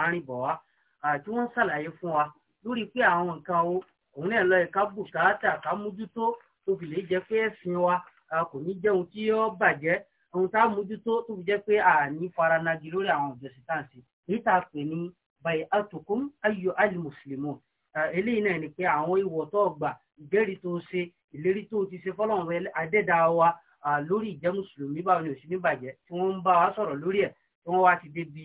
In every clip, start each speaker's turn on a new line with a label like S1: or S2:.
S1: àárín bọ̀ wá tí wọ́n ṣàlàyé fún wa lórí pé àwọn nǹkan o òun náà lọ ẹ̀ka bùkátà ká mójútó tó fi lè jẹ́ pé ẹ̀sìn wa kò ní jẹ́ ohun tí ó bàjẹ́ ohun tá a mójútó tó fi jẹ́ pé àní faranagi lórí àwọn ìjọsìn tá à ń a pè ní bayi atukum ayo ali muslimu eléyìí náà ni pé àwọn ìwọ̀ tó gbà ìjẹ́rìí tó ṣe ìlérí tó ti ṣe fọ́lọ́run adẹ́dáa wa lórí ìjẹ́ mùsùlùmí báwo ni òsì bàjẹ́ tí wọ́n ń bá wa sọ̀rọ̀ lórí ẹ̀ tí wọ́n wá ti débi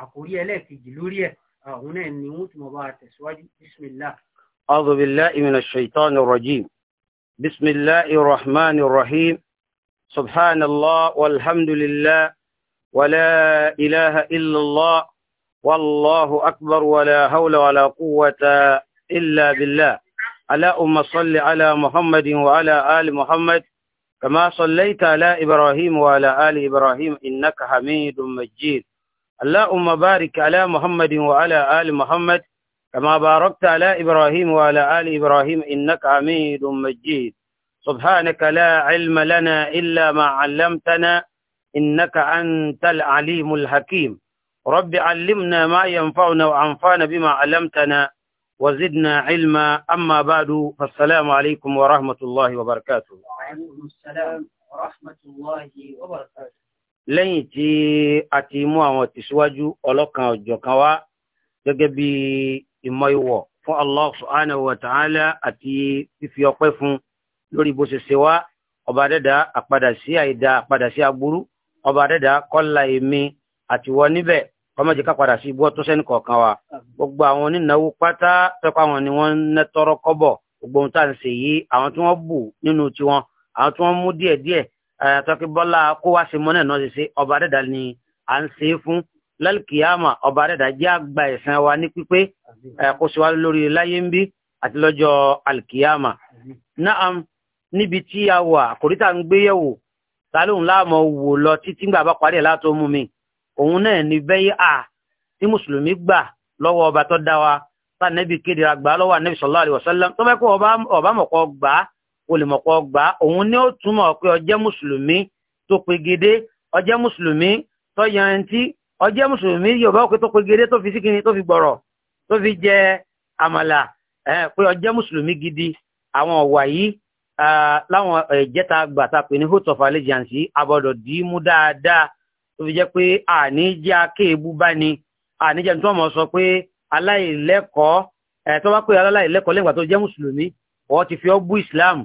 S1: أقولي لك جلوري هنا نموت مبارك ni بسم الله
S2: أعوذ بالله من الشيطان الرجيم بسم الله الرحمن الرحيم سبحان الله والحمد لله ولا إله إلا الله والله أكبر ولا حول ولا قوة إلا بالله أم صل على محمد وعلى آل محمد كما صليت على إبراهيم وعلى آل إبراهيم إنك حميد مجيد اللهم بارك على محمد وعلى آل محمد كما باركت على إبراهيم وعلى آل إبراهيم إنك عميد مجيد سبحانك لا علم لنا إلا ما علمتنا إنك أنت العليم الحكيم رب علمنا ما ينفعنا وأنفعنا بما علمتنا وزدنا علما أما بعد فالسلام عليكم ورحمة الله وبركاته
S1: وعليكم السلام ورحمة الله وبركاته
S2: lẹ́yìn tí a ti mú àwọn tẹ̀síwájú ọlọ́kan ọ̀jọ̀kan wá gẹ́gẹ́ bí ìmọ̀ ìwọ̀ fún Allah subhanahu wa ta'ala àti fífi ọpẹ́ fún lórí bó ṣe ṣe wá ọba dẹ́dà àpadà sí àìdá àpadà sí aburú ọba dẹ́dà kọ́la èmi àtiwọ́ níbẹ̀ kọ́mọ̀jì ká padà sí ibú ọtún sẹ́ni kọ̀ọ̀kan wa gbogbo àwọn onínáwó pátá tọ́pọ̀ àwọn ni wọ́n ń ná tọrọ kọ́bọ̀ gbogbo ohun tá à ń ṣe yìí àwọn tí wọ́n bù nínú tiwọn àwọn tí wọ́n mú díẹ̀díẹ̀ Eh, tọ́kí bọ́lá kó wá sí mọ́nà náà ṣe ọba dẹ́dà ni à ń ṣe é fún lálùkìyàmà ọba dẹ́dà jẹ́ àgbà ẹ̀sán wa ní pípé eh, kó sì wá lórí láyé ń bí àti lọ́jọ́ alùkìyàmà. naam níbi tí a wà kòríta ń gbé yẹ̀wò ta lóun láàmú wò lọ títí gbà bá parí ẹ̀ látó mú mi òun náà ní bẹ́yì à tí mùsùlùmí gbà lọ́wọ́ ọba tó dá wa tá nẹ́bi kéde àgbà lọ́wọ́ olùmọ̀pọ̀ gbà òun ni ó túmọ̀ pé ọjẹ́ mùsùlùmí tó pegedé ọjẹ́ mùsùlùmí tó yanrantí ọjẹ́ mùsùlùmí yorùbá òkè tó pegedé tó fi síkìní tó fi gbọ̀rọ̀ tó fi jẹ àmàlà pé ọjẹ́ mùsùlùmí gidi àwọn ọ̀wà yìí láwọn ìjẹta gbàtà pé ní host of allegiance abọ́dọ̀ dì í mú dáadáa tó fi jẹ́ pé àníjà kéèbú bá ni àníjà tó mọ̀ sọ pé aláìlẹ́kọ̀ọ́ tó bá pé aláìlẹ́kọ̀ọ́ lẹ́gbàá tó jẹ́ mùsùlùmí wọ́n ti fi ọ́ bú ìsìláàmù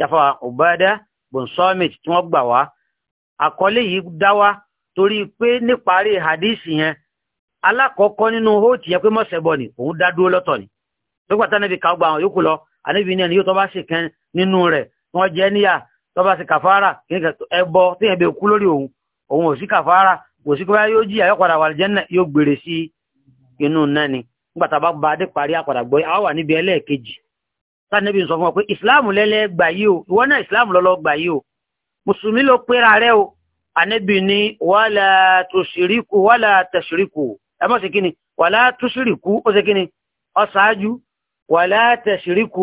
S2: yàfa ọ̀bádá bọ̀nsọ́mìt tí wọ́n gbà wá àkọlé yìí dá wá torí pé níparí hadisi yẹn alákọ̀ọ́kọ́ nínú hóòtì yẹn pé mọ́sẹ̀bọ̀ ni òun dá dúró lọ́tọ̀ ni lọ́gbà tánàbí ká gba àwọn yòókù lọ àníbi ní ẹni yóò tọ́ bá sì kan nínú rẹ̀ tí wọ́n jẹ́ níyà tọ́ bá sì kàfárà ẹbọ tí yẹn bẹ kú lórí òun òun ò sí kàfárà kò sí kọ́yá yóò jí àyọ́padà wà lẹ́jẹ́ yóò gbèrè sí inú náà ni nígbà tá a bá ba adé parí àpàdà gbọ́ àwọn wà níbi ẹlẹ́ẹ̀kejì sanabi sọ fún ọ pé islam lẹ́lẹ́ gbà yìí o ìwọ náà islam lọ́lọ́ gbà yìí o mùsùlùmí ló pera rẹ o anabi ni wàlà tòṣìríkù wàlà tẹ̀ṣìríkù ẹ mọ̀ sí kí ni wàlà tòṣìríkù ó sì kí ni ọ̀ṣáájú wàlà tẹ̀ṣìríkù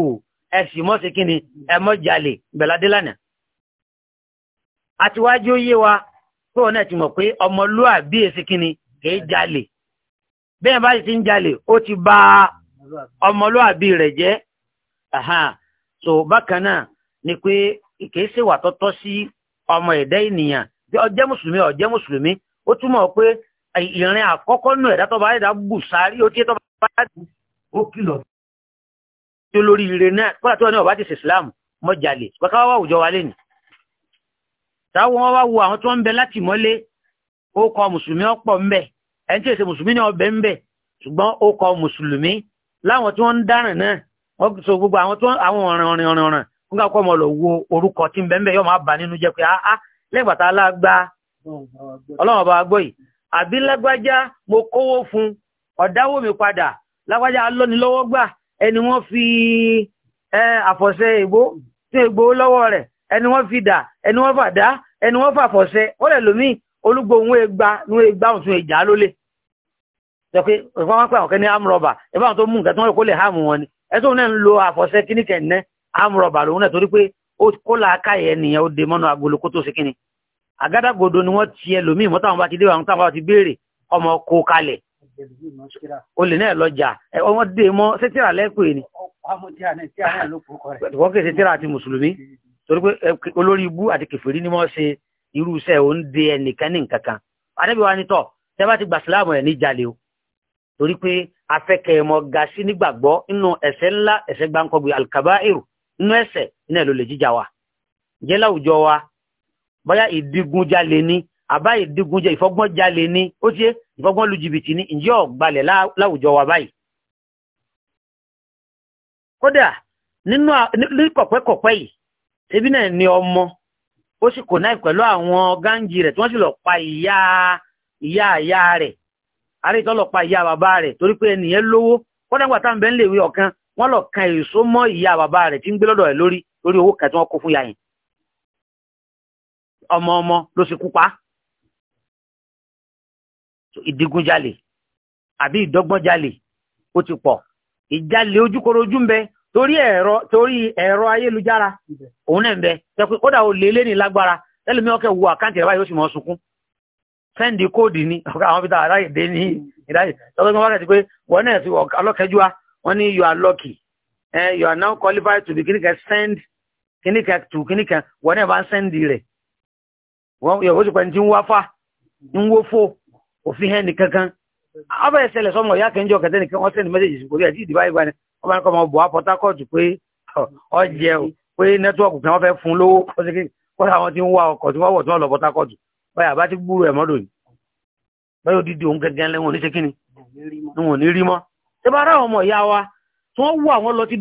S2: ẹ sì mọ̀ sí kí ni ẹ mọ̀ jalè bẹ̀ládé lánàá. àtiwájú yé wa pé wọn náà ti mọ̀ pé ọmọlúwàbí èsì kí ni jalè bẹ́ẹ̀ bá ti ń jalè ó ti bà ọmọlúwàbí rẹ̀ jẹ́ so bákan náà ni pé kìí ṣe wà tọ́tọ́ sí ọmọ ẹ̀dá ènìyàn ọjẹ́ mùsùlùmí ọjẹ́ mùsùlùmí ó túmọ̀ pé ìrìn àkọ́kọ́ nù ẹ̀dá tọ́ba ẹ̀dá bù sáárì ó tiẹ̀ tọ́ba ẹ̀dá ó kìlọ̀ tí ó lórí ire náà kọ́lá tí wọ́n ní ọ̀bá ti ṣe Islam mọ́jàlè pẹ̀ká wá àwùjọ wa lé nì táwọn wọn wá wo àwọn tí wọ́n ń bẹ láti mọ́lé ó kọ mùsùlùmí ọ̀pọ̀ ń bẹ ẹni tí èsè mùsùlùmí náà ọbẹ̀ ń bẹ ṣùgbọ́n ó kọ mùsùlùmí láwọn tí wọ́n ń dáràn náà wọ́n so gbogbo àwọn tó àwọn ọ̀rìn ọ̀rìn ọ̀rìn ọ̀rìn wọ́n ká kọ́ ọmọ lọ wo orúkọ tí ń bẹ́ẹ̀ bẹ́ẹ̀ yóò máa bà nínú jẹ́ pé áá ah, ah, lẹ́gbàtà alágbá ọlọ́run ọba agbóyì àbí lágbájá mo kówó fún ọ̀dáwó mi padà lágbájá lọ́nilọ́wọ́ gbà ẹni wọ́n fi àfọ̀ṣẹ ègbó tí ègbó lọ́wọ́ rẹ̀ ẹni wọ́n fi dà ẹni wọ́n fà dá ẹni wọ́n fà fọ̀ṣẹ ó lẹ̀ lómi olúgbò òun ègbà òun ègbà òun èjà lólè. ìfọwọ́n pẹ́ àwọn kẹ́ni amúrọ̀bà ìfọwọ́n tó mú nǹkan tí wọ́n rò kó lè háàmù wọn ni ẹ̀sùn náà ń lo àfọ̀ṣẹ́ kíní kẹ̀ǹdẹ́ àmúrọ̀bà lòun náà torí pé ó kó làákàyè ẹnìyẹn ó de mọ́nú agolo kó tó ṣe kíni àgádágodo ni wọ́n ti ẹlòmíì mọ́tò àwọn bá ti dé àwọn táwọn bá ti béèrè ọmọ kó kalẹ̀ olè náà lọ́jà ọmọ dé mọ́ sétíra lẹ́pẹ́ ni wọ́n kèsè tíra àti mùsùlùmí torí pé olórí ibú àti kèfèrí ni wọ́n ṣe irú òun de ẹnìkan ní nǹkan kan adébíwá nítọ̀ tẹ́ bá ti gbà síláàmù ẹ̀ ní jalè o torí pé afẹ́kẹ̀ẹ́mọ ga sí nígbàgbọ́ nínú ẹ̀ṣẹ̀ ńlá ẹ̀ṣẹ̀ gbáǹkọ́gbé alkabairu nínú ẹ̀ṣẹ̀ iná ẹ̀ ló lè jíjà wa jẹ́ láwùjọ wa bóyá ìdigunjalè ni àbá ìdigunjẹ ìfọgbọ́njalè ni ó ti ìfọgbọ́n lu jìbìtì ni ǹjẹ́ ọ̀gbalẹ̀ láwùjọ wa báyìí. kódà nínú kọ̀pẹ́kọ̀pẹ́ yìí ṣebí náà ni ọmọ ó sì kò náà pẹ̀lú àwọn gáǹjì rẹ̀ tí wọ́n sì lọ pa ìyá ìyá ìyá rẹ̀ àríkọ́lọ́pàá ìyá bàbá rẹ̀ torí pé ẹnìyẹn lówó kọ́dàgbà tá à ń bẹ́ ń lèwe ọ̀kan wọ́n lọ kan èso mọ́ ìyá bàbá rẹ̀ tí ń gbé lọ́dọ̀ ẹ̀ lórí lórí owó kan tí wọ́n kó fún yàyìn ọmọ ọmọ ló sì kú pa ìdigunjalè àbí ìdọ́gbọ́njalè ó ti pọ̀ ìjalè ojúkorojú ń bẹ torí ẹ̀rọ torí ẹ̀rọ ayélujára òun náà ń bẹ tẹ kódà ó lé lé ní lágbára tẹlifíọ́kẹ́ wo àkáǹtì rẹ̀ báyìí ó sì mọ́ sunkún sẹ́ndì kóòdì ni àwọn peter aráyè dé ní ìdáyè tọ́gbọ́n wọn kẹ́sì pé wọn náà fi ọlọ́kẹ́jú wa ní you are lucky you are now qualified to be kìnìkẹ́ send kìnìkẹ́ to kìnìkẹ́ wọn náà bá ń sẹ́ndì rẹ̀ wọn yóò ti pẹ́ ní ti ń wá fà ń wó fò òfin hẹ́ ní kankan abẹ́ ìṣẹ̀lẹ̀ sọmọ ìyá kẹjọ kẹtẹ́ nìkan wọn sẹ́ndì mẹ́sẹ̀jì sí kòrí ẹ̀ tí ìdìbà ni wọn bá ń kọ́ báyà bá ti gbúrò ẹ̀ mọ́dọ̀ yìí báyà odidi òun gẹ́gẹ́ lẹ́wọ̀n oníṣẹ́ kíni wọn ní rí mọ́ ṣé bá ara ọmọ ìyá wa tí wọ́n wú àwọn lọ ti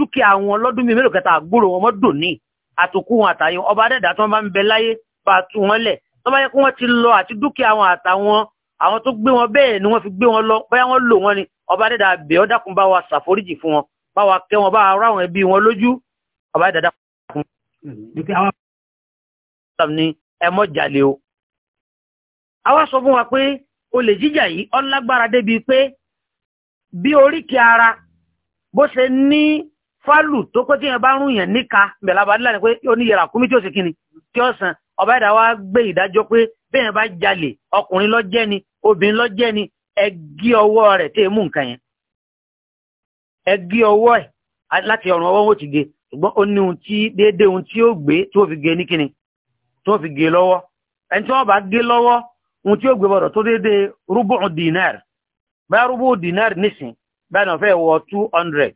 S2: dúkìá wọn lọ́dún mi mélòó kẹta àgbúrò wọn mọ́dọ̀ ní àtòkù wọn àtàyè ọba dẹ́dà tí wọ́n bá ń bẹ láyé bá tú wọn lẹ̀ tó bá yẹ kí wọ́n ti lọ àti dúkìá wọn àtàwọn àwọn tó gbé wọn bẹ́ẹ̀ ni wọ́n fi gbé wọn lọ báyà wọ́n lò wọn ni ọba dẹ́dà àbẹ̀ ọ́ dákun bá wa ṣàforíjì fún wọn bá wa kẹ́ wọn bá wa ráwọn ẹbí wọn lójú ọba dẹ́dà dákun ẹ mọ́ jalè o. àwa sọ fún wa pé olè jíjà yìí ọlágbára débi pé bí oríkèé ara bó ṣe ní fálù tó pé tíyẹn bá rún yẹn níka bẹ̀rẹ̀ abadílà ni pé ó ní yẹra kúmí tí ó sì kíni tí ó sàn ọba ẹ̀dá wa gbé ìdájọ́ pé bẹ́ẹ̀ bá jalè ọkùnrin ló jẹ́ ni obìnrin ló jẹ́ ni ẹ gé ọwọ́ rẹ̀ tí èémú nǹkan yẹn ẹ gé ọwọ́ ẹ̀ láti ọ̀rùn ọwọ́ wọn ti gé ṣùgbọ́n ó ní ohun tí déédéé ohun tí ó gbé tí ó fi gé ní kíni tó fi gé lọ́wọ́ ẹni tí wọ́n bá gé lọ́wọ́ ohun tí ó gbé bọ̀dọ̀ tó déédéé rúbù dinar bá rúbù dinar nísìn bá náà fẹ́ wọ two hundred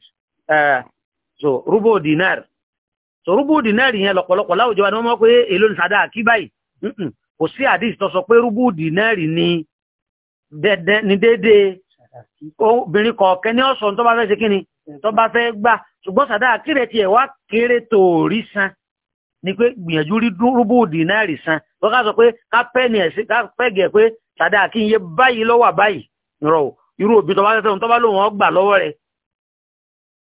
S2: so rúbù dinar so rúbù dinar yẹn lọ́pọ̀lọpọ̀ láwùjọ ni wọ́n mọ̀ pé èlò ní sàdá àkí báyìí kò sí àdìs tó sọ pé rúbù dinar ni déédéé obìnrin kọ̀ọ̀kẹ́ ni ọ̀sán tó bá fẹ́ ṣe kí ni tó bá fẹ́ gbà ṣùgbọ́n sàdá àkí rẹ̀ tiẹ̀ wá kéré tòórí san ni pé gbìyànjú rí rúbù dínárì san wọ́n ká sọ pé ká pẹ́ẹ̀nì ẹ̀ sí ká pẹ́ẹ̀gì ẹ̀ pé tàdá kí n yé báyìí lọ́wọ́ àbáyìí rọ̀ irú òbí tó bá tẹ́tẹ́ tó bá lóun ọ́ gbà lọ́wọ́ rẹ̀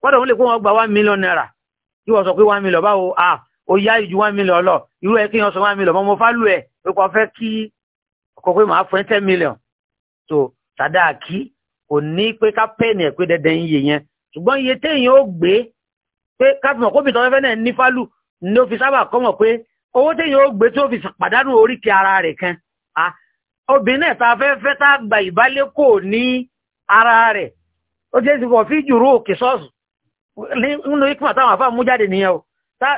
S2: wọ́n dẹ̀ wọ́n lè pé wọ́n gba one million naira kí wọ́n sọ pé one million báwo ah o yá ju one million lọ irú ẹ kí wọ́n sọ one million mọ́ mo fá lù ẹ̀ pé kò fẹ́ kí ọkọ̀ pé màá fún ten million so tàdá kí kò ní pé ká pẹ́ẹ̀nì ẹ̀ pé dẹ́dẹ́ ń yẹ yẹn ṣùgbọ́n iye téèyàn ó gbé pé ká fi mọ̀ kóbìtàn fẹ́ ló fi sábà kọ́mọ̀ pé owó tí yóò gbé tó fi pàdánù oríkì ara rẹ̀ kan obìnrin náà ta fẹ́ fẹ́ tá gba ìbálé kò ní ara rẹ̀ ó jẹ́ ti wọ̀ fi jùrú òkè sọ́ọ̀sù nínú ikúmọ̀ táwọn àfáà mú jáde nìyẹn o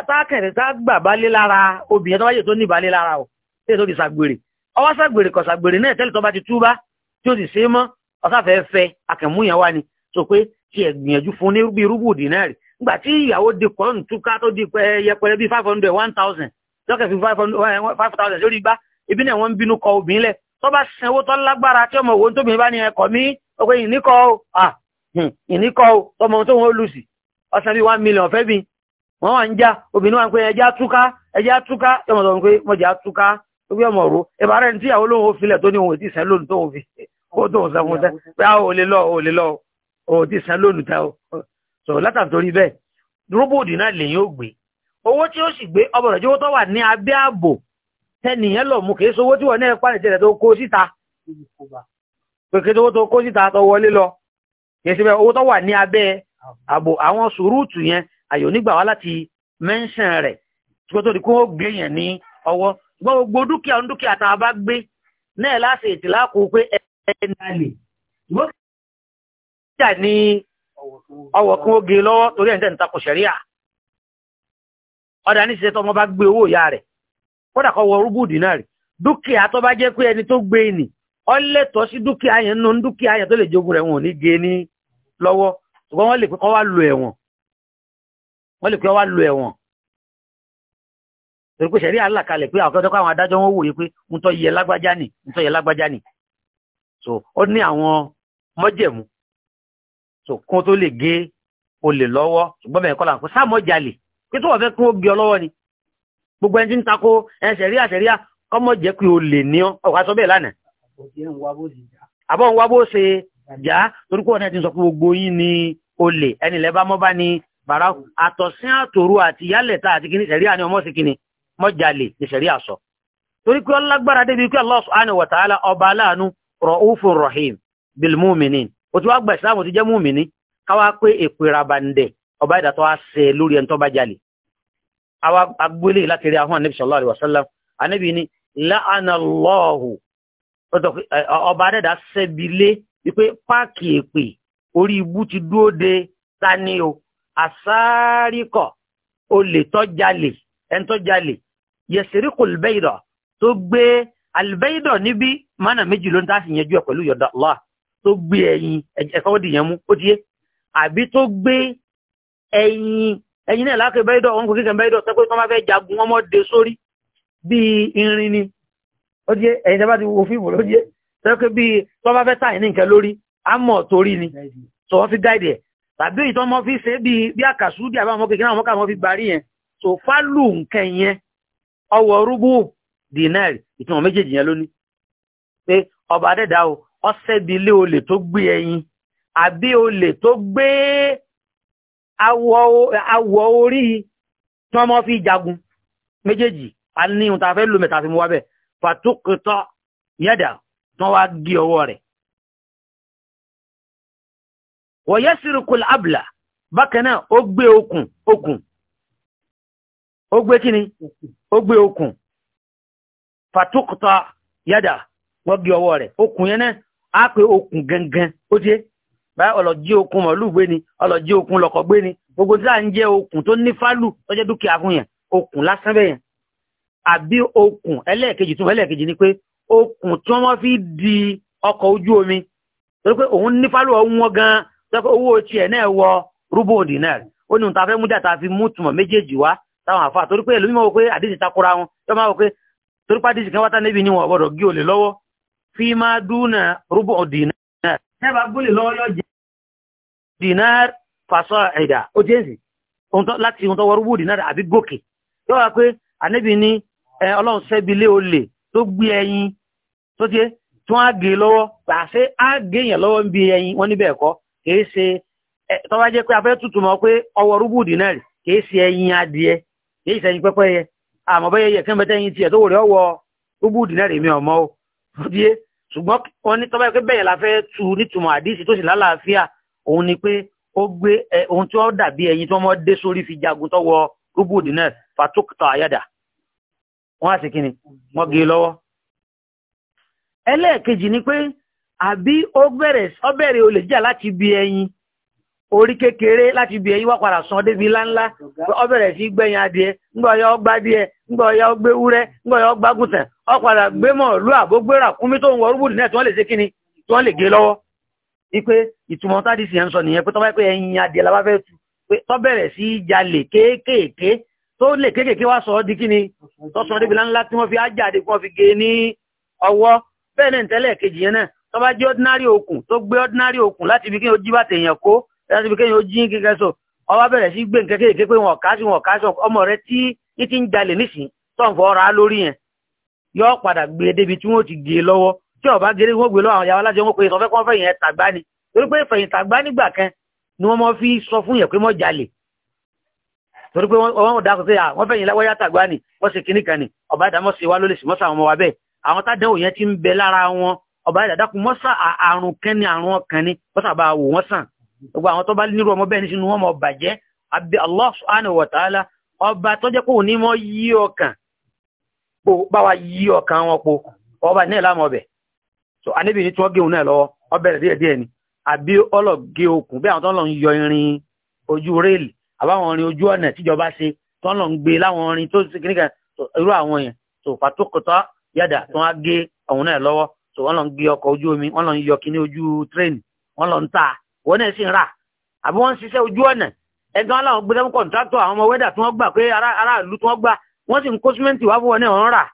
S2: tákẹ̀rẹ̀ tá gbà bálé lára obìnrin tó wáyé tó ní ìbálé lára o tí tó fi ṣàgbèrè ọwọ́ ṣàgbèrè kọ̀ ṣàgbèrè náà tẹ́lẹ̀ tó bá ti túbá tí ó sì ṣe mọ́ ọ̀sáfẹ́ fẹ́ akẹ̀múyàn wá ni sọ pé tí ẹ̀ fún ní gbà tí ìyàwó di kọ́ọ̀nù túká tó di yẹpẹrẹ bíi five hundred one thousand lọ́kẹ̀ fi eh, five thousand lórí gbá ibi náà wọ́n ń bínú kọ obìnrin lẹ̀ tó bá sin owó tó lágbára tí ọmọ òun tóbi bá ní ẹkọ mí ọkọ ìníkọ o ìníkọ o tọmọ tó wọn lù sí ọsàn bíi one million fẹ́ bí wọ́n wà ń já obìnrin wa ń pé ẹja túká ẹja túká tọmọ tó ń pé mọ̀jà túká ó bí ọmọ ro ìbá rẹ̀ tí ìyàwó lóun ò filẹ̀ tó ní òun ti sẹ́ lónìí tóun fi ó tóun sẹ́ fún tẹ́ pé a ah, ò lè lọ ò lè lọ ò ti sẹ́ lónìí tẹ́ o so látàntorí bẹ́ẹ̀ rúbòdì náà lèyìn ó gbé owó tí ó sì gbé ọbọ̀rọ̀ jẹ́ owó tó wà ní abẹ́ ààbò tẹnìyàn lọ mú kìí sówó tí wọ́n náà pàdé tẹ́lẹ̀ tó kó síta pèkè tó kó síta tó wọlé lọ kìí sí owó tó wà ní abẹ́ ààbò àwọn sùúrùtù yẹn àyò nígbà wá láti mẹ́ńṣàn rẹ̀ tí wọ́n tó di kó gbé yẹn ní ọwọ́ gbogbo dúkìá ń dúkìá tá a bá gbé náà láti ètìláàkú pé ẹni ọwọ̀ kí wọ́n gé lọ́wọ́ torí ẹ̀ ń tẹ́ni takò ṣẹ̀ríà ọ̀dà ní ṣiṣẹ́ tó wọ́n bá gbé owó ìyá rẹ̀ kódà kọ́ wọ rúbù dínárì dúkìá tó bá jẹ́ pé ẹni tó gbé nì ọ lẹ́tọ̀ọ́ sí dúkìá yẹn nù dúkìá yẹn tó lè jogun rẹ̀ wọn ò ní gé ní lọ́wọ́ ṣùgbọ́n wọ́n lè pé kọ́ wá lo ẹ̀wọ̀n wọ́n lè pé kọ́ wá lo ẹ̀wọ̀n torí pé ṣẹ̀rí àlàkalẹ̀ pé àwọn ọ̀dọ́kọ̀ adájọ́ wọn wòye pé ń tọ́ yẹ lágbájá nì ń tọ́ yẹ lágbájá nì so ó ní àwọn mọ́jẹ̀mú so kún tó lè gé olè lọ́wọ́ ṣùgbọ́n bẹ́ẹ̀ kọ́ là ń kó sáàmọ́ jalè kí tó wà fẹ́ kún ó gé ọ lọ́wọ́ ni gbogbo ẹni tí ń takò ẹ ṣẹ̀ríà ṣẹ̀ríà kọ́mọ̀ jẹ́ pé olè ní ọ ọ̀wá sọ bẹ́ẹ̀ lánàá àbọ̀ ń wá bó ṣe jà torí kó ọ̀nà ti sọ pé gbogbo yín ni olè ẹni lẹ́ bá mọ́ bá ní bàrá àtọ̀sín àtòru àti yálẹ̀ta àti kíní ṣẹ̀ríà ni ọmọ sí kíní mọ́ jalè ní ṣẹ̀ríà sọ torí pé ọlágbára débi pé Allah subhanahu wa ta'ala ọba aláàánú ra'ufur rahim bil mu'minin ó wá gba ìsìláàmù ó ti jẹ́ mùmíní káwá pé èpè rabandẹ̀ ọba ìdàtọ̀ á sẹ lórí ẹni tó bá jalè agbélé lákiri ahọ́n anabi sallallahu alaihi wasallam anabi ni ọba adẹ́dà wípé páàkì ti dúó de tani o àsáríkọ̀ olè tọ́jalè ẹni tọ́jalè yẹsẹ̀ríkò albẹ́ìdọ̀ tó gbé albẹ́ìdọ̀ níbi mánà méjì ló ń tó gbé ẹyin ẹ̀sánwó dìyàn mú ó ti yé àbí tó gbé ẹyin ẹyin náà lákè bẹ́ẹ̀dọ̀ wọn kò kíkẹ́ bẹ́ẹ̀dọ̀ sẹ́pẹ́ tó máa fẹ́ jagun ọmọ de sórí bí irin ni ó ti yé ẹ̀yin tẹ́ bá ti wo fíìmù ló ti yé sẹ́pẹ́ bí tó máa fẹ́ tàyín ní nǹkan lórí àmọ̀ torí ni tó wọ́n fi gáìdì ẹ̀ tàbí ìtọ́ mọ́ fi ṣe bí bí àkàsú dí àbáwọn kékeré àwọn mọ́kà mọ́ fi gbarí yẹn tó fálù nǹkan ọwọ́ rúbù dínárì ìtumọ̀ méjèèjì yẹn lónìí pé ọba adẹ́dá o ọsẹ́bi ilé olè tó gbé ẹyin àbí olè tó gbé awọ orí tí wọ́n mọ́ fi jagun méjèèjì a ní ohun tàfẹ́ lómi tàfi mú wábẹ̀ fàtúkùtọ̀ yẹ́dà tí wọ́n wá gé ọwọ́ rẹ̀
S3: wọ̀yẹ́ sírìkùl abla bákan náà ó gbé okùn okùn ó gbé kíni ó gbé okùn fàtúkùtọ̀
S2: yẹ́dà wọ́n gé ọwọ́ rẹ̀ okùn yẹn náà á pé okùn gangan ó jẹ́ báyà ọlọ́jí okùn mọ̀lú gbé ni ọlọ́jí okùn lọ́kọ̀ gbé ni gbogbo tí à ń jẹ́ okùn tó ní fálù tó jẹ́ dúkìá fún yẹn okùn lásán bẹ́yẹn àbí okùn ẹlẹ́ẹ̀kejì tún ẹlẹ́ẹ̀kejì ni pé okùn tí wọ́n fi di ọkọ̀ ojú omi torí pé òun ní fálù ọ̀hún wọn gan tó pé owó tiẹ̀ náà wọ rúbò dínárì ó ní ta fẹ́ mú dàtà fi mú túmọ̀ méjèèjì wá táwọn àfa torí pé ẹlòmímọ̀ wò pé àdìsí takora wọn tó máa wò pé torí pé àdìsí kan wá tá níbi ni wọn ò gbọdọ̀ gé olè lọ́wọ́ fima duna rubu rúbọ̀ dinar. Tẹ́bà gúnlè lọ́wọ́ yọ jẹ́ dinar fàṣọ ẹ̀dà ó jẹ́ sí láti ohun tó wọ rúbọ̀ dinar àbí gòkè. Yọ́ wá pé ànẹ́bì ní ọlọ́run sẹ́bi lé olè tó gbé ẹyin tó jẹ́ tí wọ́n a gé lọ́wọ́ pàṣẹ á gé èèyàn lọ́wọ́ ń bi ẹyin wọ́n níbẹ̀ ẹ̀kọ́ kìí ṣe tó bá jẹ́ pé afẹ́ tutù mọ́ pé ọwọ́ rúbọ̀ dinar kìí díẹ̀ ṣùgbọ́n wọn ní tọ́ba yẹ pé la fẹ́ tu nítumọ̀ àdísì tó sì lálàáfíà òun ni pé ó gbé ohun tí wọ́n dàbí ẹyin tí wọ́n mọ́ dé sórí fi jagun tọ́wọ́ rúbùdì náà fatókítà àyàdà wọ́n á sì kí ni wọ́n gé e lọ́wọ́. ẹlẹ́ẹ̀kejì ni pé àbí ó bẹ̀rẹ̀ jà láti bí ẹyin orí kékeré láti bí èyí wá padà sàn ọ bẹ̀rẹ̀ sí gbẹ̀yìn adìẹ ya ọgbà díẹ ńgbọ̀ ya ọgbé wúrẹ́ ńgbọ̀ ya ọgbà gùntàn ọ padà gbé àbógbéra kúmí tó ń wọ rúbùdì náà tí wọ́n lè ṣe kíni tí wọ́n lè gé lọ́wọ́ ipe ìtumọ̀ tádì sì ń sọ nìyẹn pé tọ́ba pé ẹyin adìẹ fẹ́ tu pé tọ́ bẹ̀rẹ̀ sí kéékèèké tó lè kéékèèké wá sọ láti fi kéyìn ó jí kékeré so ọwọ́ bẹ̀rẹ̀ sí gbé nǹkan kéèké pé wọn kásí wọn kásí ọmọ rẹ tí ní ti ń jalè nísìn tó ń fọ́ra lórí yẹn yóò padà gbé e débi tí wọ́n ti gé e lọ́wọ́ tí ọba gẹ́rẹ́ e wọ́n gbé lọ́wọ́ àwọn yàrá láti wọ́n pé sọfẹ́ kọ́ fẹ̀yìn tàgbá ni torí pé fẹ̀yìn tàgbá nígbà kan ni wọ́n mọ́ fi sọ fún yẹn pé mọ́ jalè torí pé wọ́n dá sí àwọn ọmọ wa àrùn kan ni àrùn ọkàn ni mọ́sà bá wò wọ́n sàn gbogbo àwọn tó bá nírú ọmọ bẹ́ẹ̀ nínú wọn mọ̀ bàjẹ́ àbí Allah subhanahu wa ta'ala ọba tó jẹ́ pé mọ́ yí ọkàn pò bá wa yí ọkàn wọn po ọba ní ìlànà ọbẹ̀ so anábì ní tí wọ́n gé òun náà lọ́wọ́ ọbẹ̀ rẹ̀ díẹ̀ díẹ̀ ni àbí ọlọ́gé okùn bí àwọn tó ń lọ ń yọ irin ojú réèlì àbáwọn irin ojú ọ̀nà tíjọba ṣe tó ń lọ gbé láwọn irin tó ṣe kíníkà irú àwọn yẹn so pàtókòtò yàdà tó wọ́n gé òun náà lọ́wọ́ so wọ́n lọ ń gé ọkọ̀ ojú omi wọ́n lọ ń yọ kíní ojú tírẹ́ẹ̀nì wọ́n lọ ń ta wọ́n náà sì ń rà àbí wọ́n ń ṣiṣẹ́ ojú ọ̀nà ẹgbẹ́ wọn láwọn gbẹ́sẹ̀ kọ̀ǹtráktọ̀ àwọn ọmọ wẹ́dà tí wọ́n gbà pé aráàlú tí wọ́n gbà wọ́n sì ń kó símẹ́ǹtì wá fún wọn náà ń rà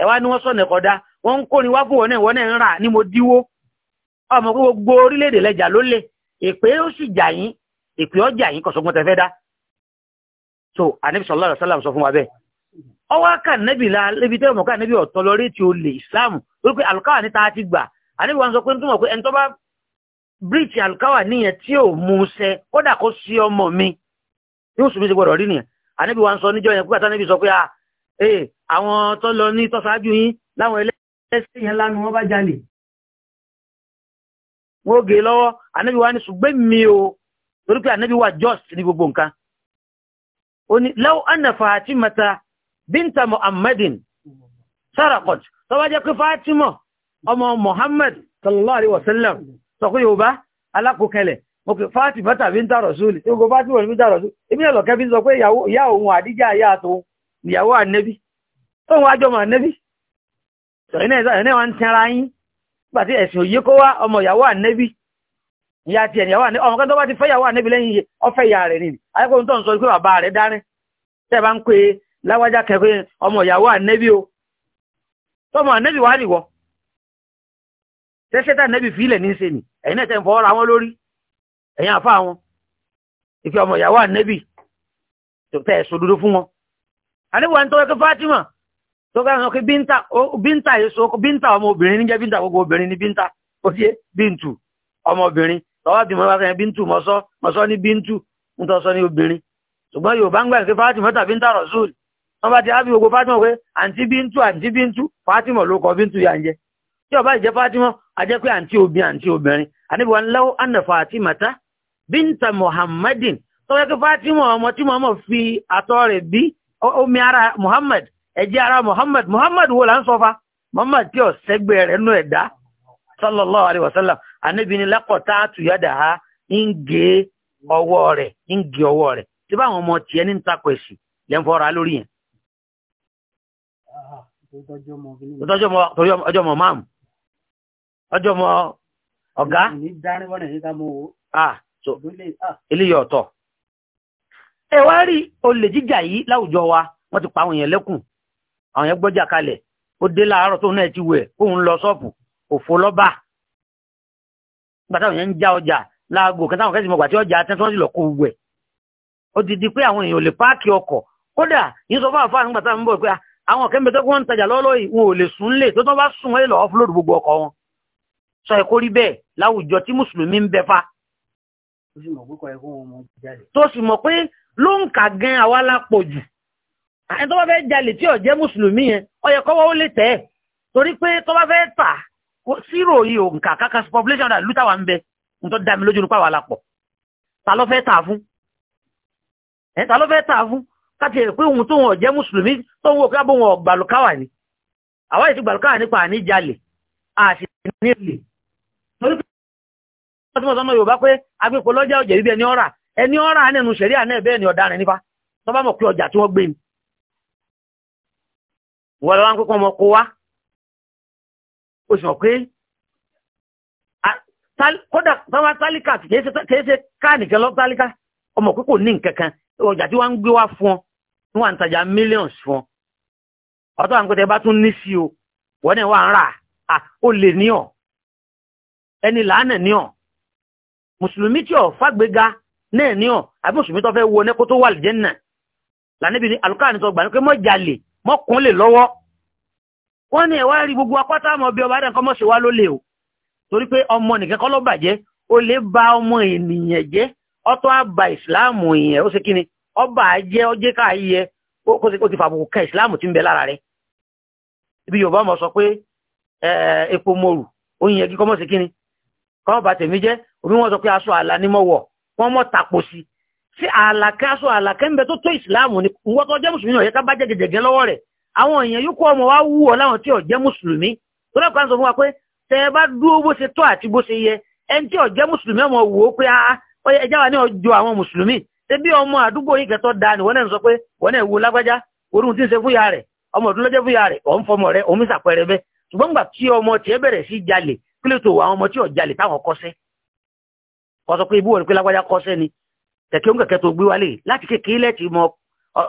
S2: ẹ wá ní wọ́n sọ̀nà kọ̀dá wọ́n ń kóni wá fún wọn náà wọ́n náà ń rà ní mo díwó ọmọ pé gbogbo orílẹ̀-èdè lẹ́jà ló lè èpè ó sì jà yín èpè ọjà yín kọ̀sọ́gbọ́n tẹ fẹ́ dá so anabi sallallahu alaihi wasallam sọ fún wa bẹ́ẹ̀ ọwọ́ ká nẹ́bì la lébi tẹ́ ọmọ ká nẹ́bì ọ̀tọ́ lọ rétí olè islam wípé àlùkáwà níta ti gbà anabi wọn sọ pé ń túmọ̀ pé ẹni tó bá bíríkì alkawa níyẹn tí ò mú ṣẹ kódà kó sí ọmọ mi ní mùsùlùmí ti gbọdọ̀ rí nìyẹn ànábì wa ń sọ níjọ yẹn kúkà tánábì sọ pé ah, ee eh, àwọn tó lọ ní tọ́sáájú yín láwọn ẹlẹ́sìn yẹn lánàá wọn bá jalè wọn ó gé e lọ́wọ́ ànábì wa ní ṣùgbẹ́ mi o torí pé ànábì wa just ní gbogbo nǹkan ó ní law anna fatimata binta muhammadin sarakot tó pé fatima ọmọ muhammad sallallahu alayhi wa sallam sọ pé yorùbá alákòókẹlẹ̀ ok fáàtì bọ́tà fi ń tààrọ̀ sóòlì tí gbogbo fáàtì bọ́tà fi ń tààrọ̀ sóòlì èmi náà lọ́kẹ́ sọ pé ìyá òun àdíjà ìyá àtòun ìyàwó ànẹ́bí tóun wájọ mọ̀ ànẹ́bí sọ̀rọ̀ náà wọ́n ń yín nígbà tí ẹ̀sìn òye kó wá ọmọ ìyàwó ànẹ́bí ìyá tiẹ̀ ìyàwó ànẹ́bí ọmọ bá ti fẹ́ ìyàwó ànẹ́bí lẹ́yìn iye ọfẹ́ ìyá rẹ̀ o tẹ́sẹ̀ tá nẹ́bì fílẹ̀ ní ṣe nì ẹ̀yin náà tẹ́ ń fọwọ́ra wọn lórí ẹ̀yin àfa wọn ìfẹ́ ọmọ ìyàwó ànẹ́bì tó tẹ́ ẹ̀sọ́ fún wọn. àníwá ní kí Fatima tó ká sọ pé bíńtà èso níjẹ́ gbogbo obìnrin ní ó bímọ wá sẹ́yìn mọ́sọ́ mọ́sọ́ ní ń tọ́ sọ ní Fatima wọ́n bá Fatima pé àǹtí àǹtí Fatima ló kọ tí ọba ìjẹ́ Fatima ajẹ́ pé àǹtí obìnrin àǹtí obìnrin àníbi wọn lọ́wọ́ anna mata binta Muhammadin tọ́wọ́ pé Fatima ọmọ tí mọ́mọ́ fi atọ rẹ bí omi ara Muhammad ẹ̀jẹ̀ ara Muhammad Muhammad wo la ń sọfa Muhammad tí ẹ̀dá sallallahu ha ń gé ń gé tí ọmọ ọjọ́ mọ ọ̀gá. eléyìí ọ̀tọ̀. ẹ wá rí olè jíjà yìí láwùjọ wa wọ́n ti pa àwọn èèyàn lẹ́kùn àwọn èèyàn gbọ́jà kalẹ̀ ó dé láàárọ̀ tóun náà ti wẹ̀ kóun lọ ṣọ́ọ̀bù òfò lọ́ba gbàtà àwọn èèyàn ń já ọjà láago kan táwọn kẹsìmọ̀ gbà tí ọjà tẹ́ tí wọ́n sì lọ kó wẹ̀ ó ti di pé àwọn èèyàn ò lè páàkì ọkọ̀ kódà yín sọ fún nígbà táwọn ń bọ̀ pé àwọn kẹ́mbẹ́tẹ́kùn wọn ń tajà lọ́lọ́ yìí wọn ò lè sùn lè tó tán bá sùn wọ́n lọ́ọ́ fúlóòdù gbogbo ọkọ̀ wọn sọ ẹ̀kọ́ rí bẹ́ẹ̀ láwùjọ tí mùsùlùmí ń bẹ fa. tó sì mọ̀ pé ló ń kà gan àwa lápò jù àti tó bá fẹ́ jalè tí ò jẹ́ mùsùlùmí yẹn ó kọ́wọ́ ó lè tẹ̀ ẹ́ torí pé tó bá fẹ́ tà zero yìí òǹkà kákan population rẹ̀ lútàwà ń bẹ ń tó dá mi lójú nípa àwa lápò ta ló fẹ́ tà fún ẹ̀ ta ló fẹ́ tà fún káti ẹ̀ pé òun tó wọn jẹ́ mùsùlùmí tó wọn òkúta wọn gbàlùkáwà ni àwa ìsìgbàlùkáwà nípa àníjalè àti nílè torí pé ọdún mọ̀ sọ́mọ Yorùbá pé agbépo lọ́jà òjè bíbí ẹni ọ̀rà ẹni ọ̀rà nínú ṣẹ̀rí àná bẹ́ẹ̀ ni ọ̀daràn nípa tó bá mọ̀ pé ọjà tí wọ́n
S3: gbé ni wọ́n lọ́wọ́ ń pípọ́ ọmọ kó wá ó sì mọ̀ pé kódà tọ́wọ́ tálíkà kìí
S2: ṣe káà nìkan lọ́ tálíkà ọmọ pé kò ní nǹkan kan ọjà tí wọ́n ń gbé wá fún ọ ní wọ́n ń tajà millions fún ọ ọ̀tọ̀ àwọn pẹ̀tẹ̀ bá tún ní sí o wọ́n náà wà ń rà ó lè ní ọ̀ ẹni làánà ní ọ̀ mùsùlùmí tí ọ̀ fàgbéga náà ní ọ̀ àbí mùsùlùmí tó fẹ́ wọ ní kó tó wà lìjẹ́ nà lànàbí ni alukani sọ gbà ní pé mọ́ jalè mọ́ kúnlẹ̀ lọ́wọ́ wọ́n ní ẹ̀wá rí gbogbo apáta ọmọ bí ọba rẹ̀ kọ́ mọ́ ṣe wá lólè o torí pé ọmọ nìkan kọ́ bàjẹ́ ó lè ba ọmọ ènìyàn jẹ́ ọtọ́ àbà ìsìláàmù èèyàn ó ṣe kí ni ọba jẹ́ ọjẹ́ káàyè ó ti fàbùkù kan ìsìláàmù tí ń bẹ lára rẹ̀ ibi Yorùbá mọ̀ sọ pé epo moru oyin ẹ̀gí kọ́ mọ́ ṣe kí ni kọ́ bá tèmi jẹ́ omi wọn sọ pé aṣọ àlà ni mo wọ̀ wọ́n mọ̀ tàpò sí sí àlà kẹ́ aṣọ àlà ń bẹ tó tó ìsìláàmù ni wọ́n tó jẹ́ mùsùlùmí ọ̀yẹ́ bá jẹ́ gẹ̀gẹ̀ lọ́wọ́ rẹ̀ àwọn èèyàn yóò kọ́ ọmọ wa wú ọ láwọn tí ò mùsùlùmí tó sọ fún wa pé tẹ́ ẹ bá dúró bó ṣe àti bó ṣe yẹ ẹni tí mùsùlùmí ọmọ wò ó pé ah, ah, wa ní ọjọ́ àwọn mùsùlùmí ọmọ àdúgbò yìí kí ló tó àwọn ọmọ tí ọ̀jalè táwọn kọ́sẹ́ wọ́n sọ pé ibú wọn ni pé lágbájá kọ́sẹ́ ni kẹ̀kẹ́ òun kẹ̀kẹ́ tó gbé wálé láti kékeré lẹ́tì mọ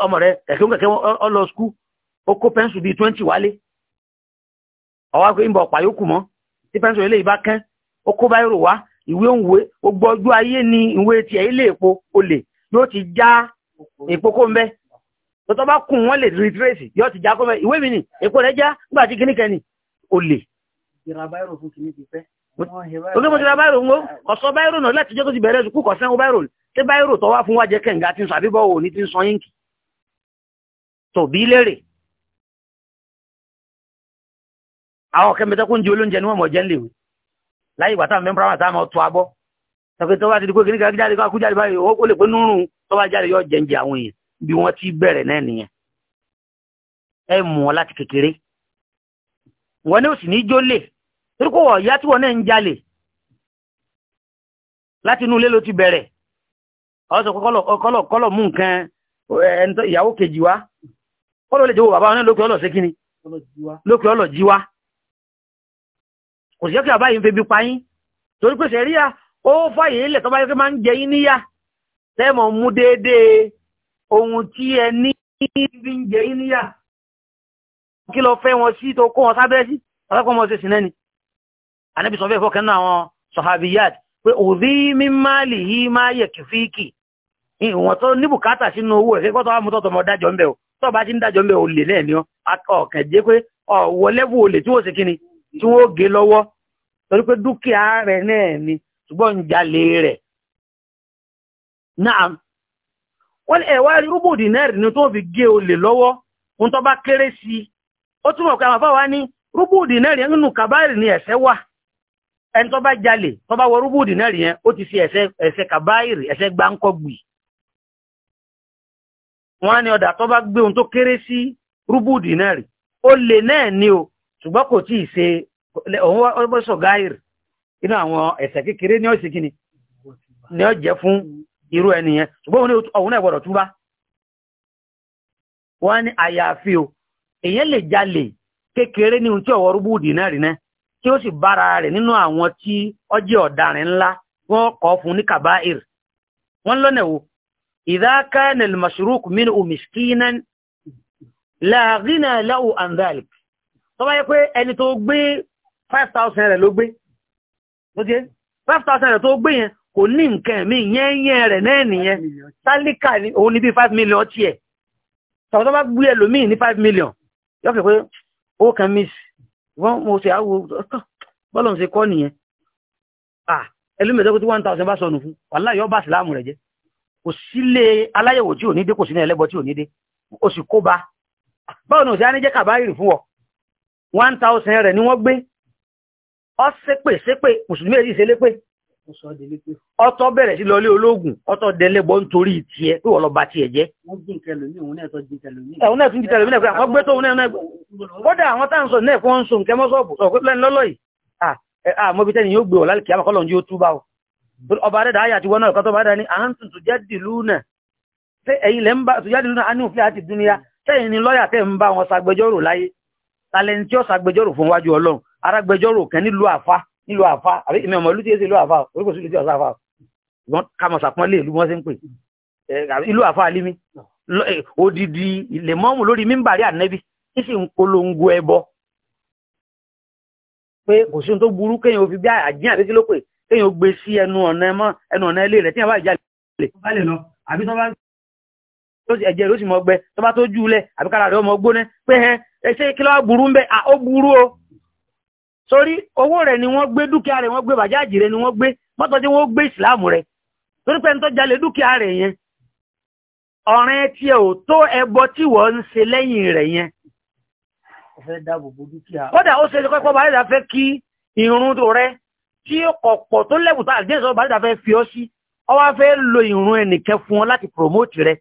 S2: ọmọ rẹ kẹ̀kẹ́ òun kẹ̀kẹ́ ọlọ skú ó kó pẹ́ńsù bíi twenty wálé ọwọ́ pé ń bọ̀ pàyókù mọ́ tí pẹ́ńsù ilé ìbá kẹ́ ó kó báyìí rò wá ìwé òǹwé gbogbo ọjọ́ ayé ni ìwé tiẹ̀ ilé èpo olè yóò ti já èpo kó ń bẹ́ tó tọ́ bá kùn wọ́n lè rí tírèsì yóò ti já kó ń bẹ́ ìwé mi ni èpo rẹ̀ já nígbà tí kíníkẹ́ ni olè ti ra báírò fún kìíní ti fẹ́. Oge mo ti ra báírò ń wo, ọ̀sọ́ báírò náà láti jẹ́ tó ti
S3: bẹ̀rẹ̀ sùkú kọ̀sẹ́ báírò. Ṣé báírò tó wá fún wájẹ́ kẹ̀ǹgà ti ń sọ àbíbọ̀ ní ti ń sọ yínkì? Tòbí lérè. Àwọn
S2: kẹ́mi di olóúnjẹ ni wọ́n lè wọ́n ti bẹ̀rẹ̀ náà ní jólè torí kò wọ̀ ìyá tí wọ́n náà ń jalè láti inú ilé ló ti bẹ̀rẹ̀ ọ̀sọ̀ kọ́lọ̀ kọ́lọ̀ mú nǹkan ìyàwó kejì wá kọ́lọ̀ lè jẹ́wọ́ bàbá wọn lókè ọlọ̀ sí kíni lókè ọlọ̀ jí wá kò sí ọkẹ́ àbáyé ń febi payín torí pé sẹ̀ríà ó fàyè ilẹ̀ tọ́bá yẹ́kẹ́ máa ń jẹ yín níyà tẹ́mọ̀ mú déédéé ohun tí ẹ ní bí ń jẹ yín níyà kí lọ fẹ́ wọn sí tó kó wọn sábẹ́ sí ọlọ́pàá mọ́ sí sinẹ́ni anábì sọ fẹ́ẹ̀fọ́ kan náà wọn sọ̀hábíyàd pé òbí mímálì yìí máa yẹ kìfíìkì ìwọ̀n tó ní bùkátà sínú owó rẹ̀ kọ́tọ̀ wà mú tọ́tọ̀ mọ́ dájọ́ ń bẹ̀ o tọ́ bá ti ń dájọ́ ń o lè lẹ́ẹ̀ni ọkàn jẹ́ pé ọ̀wọ́ olè tí wọ́n ṣe kíni tí wọ́n gé lọ́wọ́ torí pé dúkìá rẹ̀ náà ni ṣùgbọ́n ń jalè rẹ̀ náà wọ́n ẹ̀ wá rí rúbù dínẹ́rì ni tó fi gé olè lọ́wọ́ ohun tó bá kéré sí i ó túmọ̀ pé àwọn afáwa ní rúbù dínẹ́rì nínú kàbáyìrì ni ẹ̀ṣẹ̀ wà ẹni tó bá jalè tó bá wọ rúbùdì náà rí yẹn ó ti fi ẹ̀ṣẹ̀ kàbáyìrì ẹ̀ṣẹ̀ gbáǹkọ́gbì wọ́n ní ọ̀dà tó bá gbé ohun tó kéré sí rúbùdì náà rí ó lè náà ní o ṣùgbọ́n kò tí ì ṣe òun ọgbọ́sọ̀ gáyìrì inú àwọn ẹ̀ṣẹ̀ kékeré ní ọ̀sẹ̀ kìíní ni ó jẹ́ fún irú ẹni yẹn ṣùgbọ́n òun náà gbọ́dọ̀ túbá wọ́n ní àyàfi o èèyàn lè jalè kékeré ní ohun tí ọ̀wọ́ rúbùdì náà rí náà tí ó sì bára rẹ̀ nínú àwọn tí ó jẹ́ ọ̀daràn ńlá wọ́n kọ́ fún ní kàbáìr wọ́n lọ́nà wo idha kana al-mashruk minhu miskinan la ghina lahu an dhalik tó bá yẹ pé ẹni tó gbé 5000 rẹ̀ ló gbé ó 5000 rẹ̀ tó gbé yẹn kò ní nǹkan mi yẹ́yẹ́ rẹ̀ náà nìyẹn tálíkà ni òun ní bí 5 million tiẹ̀ tọ̀tọ̀ bá gbé ẹlòmíì ní 5 million yọ́ kẹ́ pé ó kàn mísì wọ́n mo ṣe àwọ̀ bọ́lọ̀ ṣe kọ́ nìyẹn ah ẹlúmẹ̀ẹ́dẹ́ kó tí one thousand bá sọnù fún wàhálà yọ bá síláàmù rẹ̀ jẹ́ kò sílé aláyẹ̀wò tí ò ní dé kò sí ní ẹlẹ́bọ tí ò ní dé ó sì kó ba báwo ni òṣèré jẹ́ kàbáyìrì fún ọ one thousand rẹ̀ ni wọ́n gbé ọ ṣépè ṣépè mùsùlùmí ṣe lépè ọtọ bẹ̀rẹ̀ sí lọlé ológun ọtọ dẹlẹbọ nítorí tiẹ̀ pé wọn lọ ba tiẹ̀ jẹ́.
S1: wọn jí nǹkan lómi òun náà tó jí
S3: nǹkan lómi. òun náà
S2: tún jí nǹkan lómi náà wọn gbé tó òun náà. kódà àwọn tá à ń sọ náà fún ọ̀nso nǹkan mọ́sọ̀bù sọ pé pílánì lọ́lọ́ yìí. àmọ́ ibi tẹ́ni yóò gbé ọ̀la kí àmọ́kọ́ lọ́njú ó túbà o. ọba rẹ̀ dáhà àti wọn náà kọ́tọ́ bá dání à náà nílò àfa àbí ìmọ̀ ọmọ ìlú tí èsì ìlú àfa orí kò sí ìlú tí ọ̀sá àfa ṣùgbọ́n ká mọ̀ sàpọ́nlé ìlú wọ́n ṣe ń pè ìlú àfa alímí odidi ilẹ̀ mọ́mù lórí mímbàrí ànẹ́bí tí sì ń polongo ẹbọ pé kò sí ohun tó burú kéèyàn fi bí àjíyàn àbí kí ló pè kéèyàn gbé sí ẹnu ọ̀nà ẹmọ ẹnu ọ̀nà ilé rẹ̀ tí àbá ìjà lè lọ àbí tó bá tó sì ẹ̀jẹ̀ ló sì mọ gbẹ tó bá tó jù lẹ̀ àbí kára rẹ̀ ọmọ gbóná pé ẹ ṣé kí ló burú ń bẹ ó burú o torí owó rẹ̀ ni wọ́n gbé dúkìá rẹ̀ wọ́n gbé bàjáàjì rẹ̀ ni wọ́n gbé mọ́tò tí wọ́n gbé ìsìláàmù rẹ̀ torí pé ń tó jalè dúkìá rẹ̀ yẹn ọ̀rẹ́ tí ẹ ò tó ẹbọ tí wọ́n ń ṣe lẹ́yìn rẹ̀ yẹn kódà ó ṣe kọ́kọ́ bá rẹ̀dà fẹ́ kí irun rẹ tí ọ̀pọ̀ tó lẹ́bù tó àgbẹ̀ ìṣọ́ bá rẹ̀dà fi ọ́ sí ọ wá fẹ́ lo irun ẹnìkẹ́ fún ọ láti promote rẹ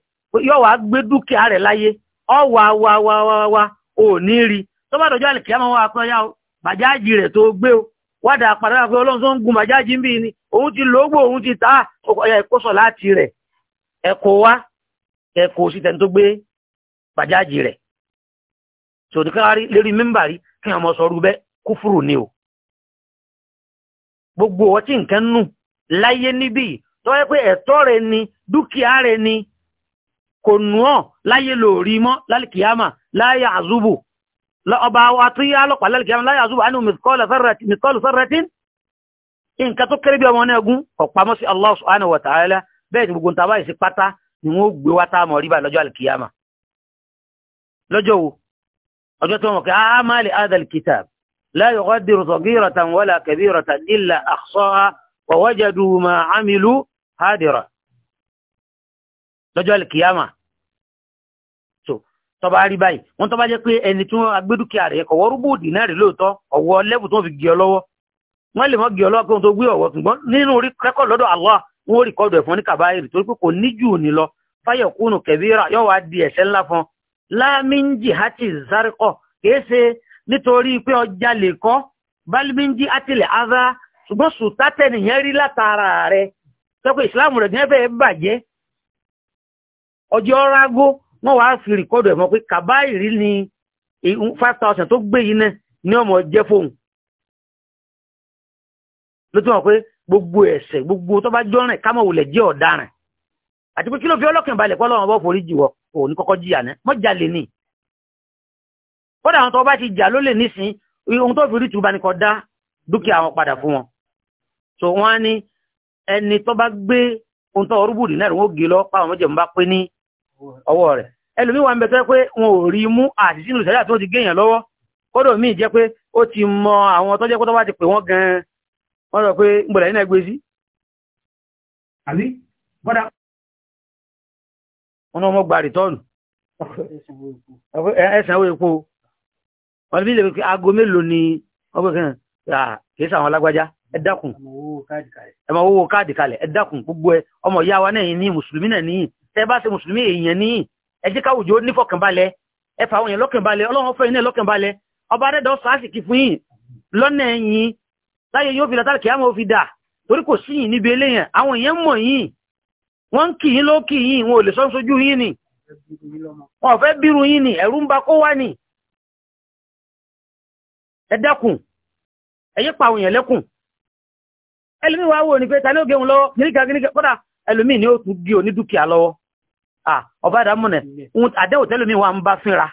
S2: yóò wá gbé dúkìá rẹ̀ láyé ọ wà wà wà wà wà ò ní rí tó bá dọjọ́ àlìkẹ́ mọ́ wà pé ọyá bàjáàjì rẹ̀ tó gbé o wádàá padà pé ọlọ́run tó ń gun bàjáàjì ń bì ni òun ti lóògbò òun ti ta ẹ̀kọ́sọ̀ láti rẹ̀ ẹ̀kọ́ wá ẹ̀kọ́ sí tẹni tó gbé bàjáàjì rẹ̀ sòdìkárí lérí mímbàrí kí ọmọ rú bẹ́ kúfùrù ni o gbogbo nǹkan nù láyé níbí tó yẹ pé ẹ̀tọ́ ni dúkìá rẹ̀ ni kò nù ọ́ láyé mọ́ láyé ọba àtúnyà lọ́pàá lẹ́lẹ̀kẹ́ àwọn láyà zúbà ánú mìkọ́lù sọ́rẹ̀tín nǹkan tó kéré bí ọmọ náà gún ọ̀pamọ́ sí Allah subhanahu wa ta'ala bẹ́ẹ̀ ni gbogbo tàbá ìsí pátá ni wọ́n gbé wá táàmù ọ̀ríbà lọ́jọ́ alkiyama lọ́jọ́ wo ọjọ́ tó mọ̀ kí a ah, máa lè adal kitab la yughadiru saghiratan wala kabiratan illa ahsaha wa wajadu ma amilu tọba rí báyìí wọn tọba jẹ pé ẹni tí wọn agbẹdúkìá rẹ ọwọ rúbùdì náà rè lóòótọ́ ọwọ lẹbù tó fi gé ọ lọ́wọ́ wọn lè mọ gé ọ lọ́wọ́ pé wọn tó gbé ọwọ ṣùgbọ́n nínú orí kẹkọọ lọ́dọ̀ Allah wọn ò rí kọdù ẹfọn ní kàbáyìrì torí pé kò ní jù ní lọ fáyọkùnù kẹbíra yóò wá di ẹ̀ṣẹ̀ ńlá fún láàmìnjì àti zarikọ kìí ṣe nítorí pé ọjà lè kọ bálímìnjì àti ilẹ̀ azá ṣùgbọ́n nìyẹn rí látara rẹ ọjọ́ rágó wọ́n wá fi rìkọ́dù ẹ̀mọ́ pé kàbáyìrí ni five thousand tó gbé yìí náà ní ọmọ jẹ́ fóun ló tún wọ́n pé gbogbo ẹ̀ṣẹ̀ gbogbo tó bá jọ́rìn kámọ̀ wulẹ̀ jẹ́ ọ̀daràn àti pé kí ló fi ọlọ́kàn balẹ̀ pọ́ lọ́wọ́ bọ́ forí jìwọ́ ò ní kọ́kọ́ jìyà ní mọ́ jalè ní kódà àwọn tó bá ti jà ló lè nísìn ohun tó fi rí tùbá ní kọ́ dá dúkìá wọn padà fún wọn so wọ́n ni, ní ẹni tó bá gbé ohun tó rúbùrì náà wọ́n gé lọ páwọn méjèèmí bá pé ní ọwọ́ rẹ̀ ẹlòmí wà ń bẹ̀tọ́ pé wọn ò rí mú àti sínú ìṣẹ̀lẹ̀ àti wọ́n ti gẹ̀yàn lọ́wọ́ kódò míì jẹ́ pé ó ti mọ àwọn tó jẹ́ kó tó bá ti pè wọ́n gan-an wọ́n rọ̀ pé ń bọ̀dà nínú ẹgbẹ́ sí. àbí bọ́dà. wọn náà mọ gba rìtọ́ọ̀nù ẹ̀sán owó epo wọn bí lèpè aago mélòó ni wọn pè kàn kì í sàwọn alágbájá ẹ dákun ẹ máa wọ́wọ́ káàdì kalẹ̀ ẹ dákun gbogbo ẹ ọmọ ìyá wa náà ní mùsùlùmí náà níyìn e bá ṣe mùsùlùmí èèyàn ní ẹ jẹ́ káwùjọ nífọ̀kànbalẹ̀ ẹ fà àwọn èèyàn lọ́kànbalẹ̀ ọlọ́run fẹ́ iná lọ́kànbalẹ̀ ọba adẹ́dọ̀ sàásìkì fún yìí lọ́nà ẹ̀yìn láyé yóò fi látàrí kí á máa fi dà torí kò sí yìí níbi eléyàn àwọn èèyàn mọ̀
S3: yìí wọ́n ń kì ló kì wọn ò lè sọ́n sojú ni wọn ò fẹ́ bírun ni ẹ̀rú ń ba kó wá ni ẹ pa àwọn èèyàn
S2: ẹlòmíì wá ta òun ọba àdámùnẹ̀ àdẹ́wò tẹ́lómi wa ń bá fínra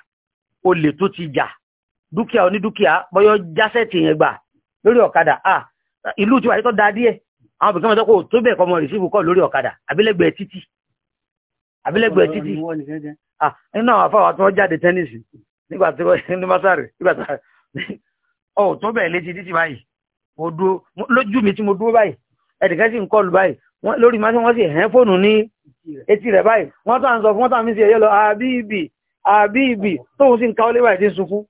S2: olè tó ti jà dúkìá onídúkìá bọ́yọ́ jásẹ̀tì yẹn gbà lórí ọ̀kadà ìlú tiwa yìí tó da díẹ̀ àwọn bìkan mọ́tọ́ kò tó bẹ̀ kọ́ mọ́ rìsífù kọ́ lórí ọ̀kadà àbílẹ̀gbẹ̀ẹ́ títì àbílẹ̀gbẹ̀ẹ́ títì nínú àwọn afáwà tí wọ́n jáde tẹ́nìsì nígbà tí wọ́n ní mọ́sàrì nígbà tí ọ̀ tó bẹ̀ létí títì báyìí mo dúró lójú mi tí mo dúró báyìí ẹnìkan sì ń kọlù báyìí lórí máa ń wọ́n sì hẹ́ fóònù ní etí rẹ̀ báyìí wọ́n tàn sọ fún wọ́n tàn mí sí ẹ̀yẹ́ lọ àbíbì àbíbì tóun sí ń káwọ́ léwà ìdí sunkún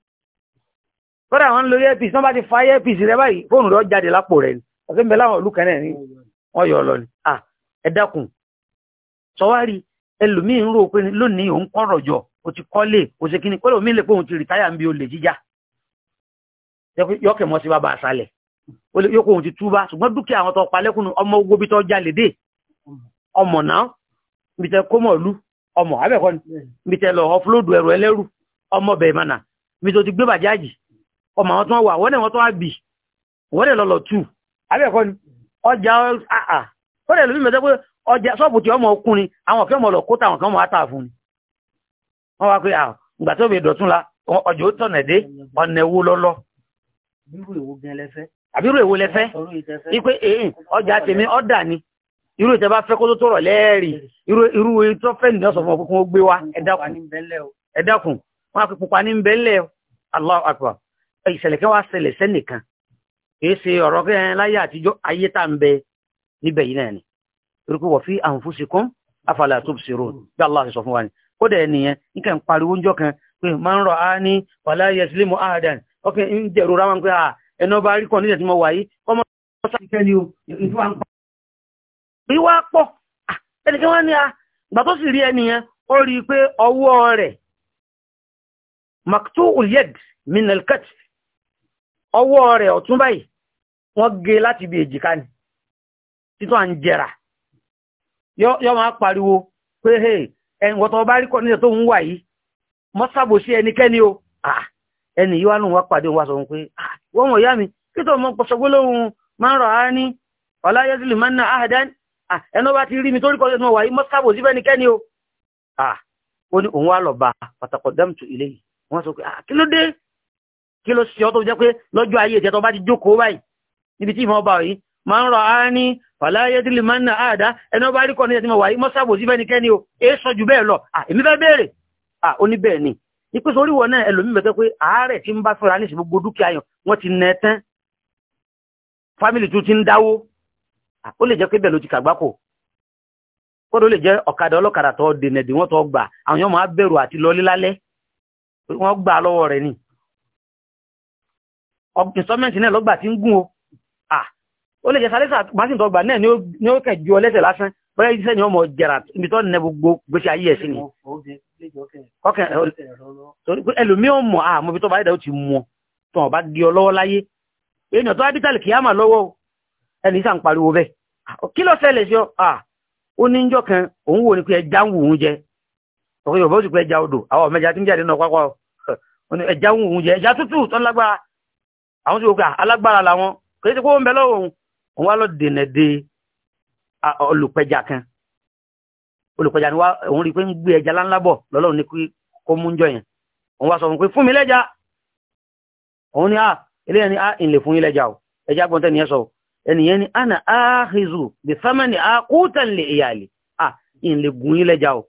S2: kọ́dà wọ́n ń lo wọ́n bá ti fa earpiece rẹ̀ báyìí fóònù rẹ̀ jáde lápò rẹ̀ ni ọ̀sẹ̀ ń bẹ láwọn ìlú kẹ́nẹ̀ ni wọ́n yọ lọ ni à ẹ sọwárí ẹlòmíì ń rò pé lónìí òun kọ́rọ̀ jọ o ti kọ́lé o ṣe kíni kọ́lé omi lè pé òun ti rìtáyà ń bi olè jíjà yọkẹ̀ mọ́ sí bàbá àṣálẹ̀ yókò òun ti túbá ṣùgbọ́n dúkìá àwọn tó palẹ́kùnú ọmọ ogobi tó jalè dé ọmọ náà mbitẹ kọmọlu ọmọ abẹ́kọ́ ni mbitẹ lọ ọfúlódù ẹrù ẹlẹ́rù ọmọ bẹ̀rẹ̀ mọ́nà mbitẹ ti gbé bàjáàjì ọmọ àwọn tó wà wọ́n náà wọ́n tó wà bì wọ́n náà lọ́lọ́ tù abẹ́kọ́ ni ọjà àà wọ́n náà lómi mẹ́tẹ́ pé ọjà sọ́ọ̀bù tí ọmọ ọkùnrin àwọn ọ̀kẹ́ ọmọ lọ kó táwọn kan mọ̀ á fún ni wọ́n wá pé à ìgbà tó mi dọ̀tún la ọjọ́ ó tọ̀nà dé ọ̀nà ewu lọ́lọ́
S1: àbírò èwo lẹ́fẹ́ ipe
S2: ọjà tèmi ọ̀dà ni irú ìtẹ́ bá fẹ́ kó tó tọ̀rọ̀ lẹ́ẹ̀rí irú tó fẹ́ nìyàn sọ fún ọkùnkùn ó gbé wá ẹ̀dàkùn wọn á fi pupa ní bẹ́ẹ̀lẹ̀ Allahu Akbar ìṣẹ̀lẹ̀ kẹwàá ṣẹlẹ̀ sẹ́nìkan kìí ṣe ọ̀rọ̀ kẹrin láyé àtijọ́ ayé tá ń bẹ níbẹ̀ yìí náà ni irúkú wọ̀ fi anfusikum afala tubsirun bí Allah ṣe sọ fún wa ni ó dẹ̀ nìyẹn níkà ń pariwo oúnjọ kan pé máa ń rọ á ní wàlá yaslimu ahadan ọkẹ́ ń jẹ̀rora wọn pé ẹnu ọba rí kọ́ níjẹ̀ tí mo wà yìí kọ́mọ́ bí wá pọ̀ ẹnìkan wá ní a gbà tó sì rí ẹnìyẹn ó rí pé ọwọ́ rẹ̀ maktu ulyed minelkat ọwọ́ rẹ̀ ọ̀tún báyìí wọ́n gé e láti bí èjìká ni títọ́ à ń jẹrà yọ́ máa pariwo pé ẹ̀wọ̀n tó bá rí kọ́ tó ń wà yìí mọ́sàbò sí ẹnikẹ́ni o ẹni yíwá nù wá pàdé wá sọ pé wọ́n wọ̀ yá mi kí tó mọ́ máa rọ̀ Ah, ẹnu bá ti rí mi torí kọ́sẹ̀ tí mo wà yí mọ́sáàbò sí fẹ́ni kẹ́ni o ah, ó ní òun wá lọ bá pàtàkì dámtù ilé yìí wọ́n sọ pé ah, kí ló dé kí ló ṣe ọ́ tó jẹ́ pé lọ́jọ́ ayé ìtẹ́tọ́ bá ti jókòó báyìí níbi tí ìmọ̀ ọba yìí máa ń rọ ara ní fàlàyé dìlì máa ń nà àdá ẹni ọba rí kọ́ ní ẹ̀tí mo wà yí mọ́sáàbò sí fẹ́ni kẹ́ni o èé sọ jù bẹ́ẹ̀ lọ èmi fẹ́ béèrè ó ní bẹ́ẹ̀ ni ipe sórí wọn náà ẹlòmí mẹ́tọ́ pé àárẹ̀ tí ń bá fẹ́ra ní ìsìn gbogbo dúkìá yàn wọ́n ti nà ẹ́ tán fámìlì tún ti ń dáwó ó lè jẹ́ pé bẹ́ẹ̀ ló ti kàgbákò kódó lè jẹ́ ọ̀kadà ọlọ́kadà tó dènà dè wọ́n tó gbà àwọn yóò máa bẹ̀rù àti lọ lílálẹ́ wọ́n gbà lọ́wọ́ rẹ̀ ni ìsọ́mẹ́ǹtì náà lọ́gbà tí ń gún o ó lè jẹ́ sálẹ́sà máṣín tó gbà náà ni ó kàn ju ọlẹ́sẹ̀ lásán bóyá iṣẹ́ ni wọ́n mọ̀ jẹ̀rà ibi tó nẹ gbogbo gbèsè ayé ẹ̀ sí ni ẹlòmí ò mọ̀ àmọ́ ibi tó bá dẹ̀ ó ti mọ̀ tó wọn gé ọ lọ́wọ́ láyé èèyàn tó bá kìí àmà lọ́wọ́ ẹni sàn pariwo Ah, kí ló ṣẹlẹ̀ sí ọ ah, ó ní njọ́ kan òun wò ní pé ẹja ń wù ú jẹ ọkọ yorùbá ó sì pé ẹja odò àwọn ọmọ ẹja tí ń jáde náà pápá ọ ẹja ń wù ú jẹ ẹja tútù tó lágbára àwọn tí ó gbà ah, alágbára làwọn kò sí pé ó ń bẹ lọ́wọ́ òun òun wá lọ dènà de olùpẹja kan olùpẹja ni wá òun rí i pé ń gbé ẹja láńlá bọ̀ lọ́lọ́run ní kó mú njọ yẹn òun wá sọ fún pé fún mi lẹ́ja òun ni a eléyàn ni a ìlè fún yín lẹ́ja o ẹja gbọ́ntẹ́ nìyẹn sọ o ẹnìyẹn ni ana áhìzù bí fámánì àkútàn lè ìyàlè à ń lè gùn yín lẹ́jà o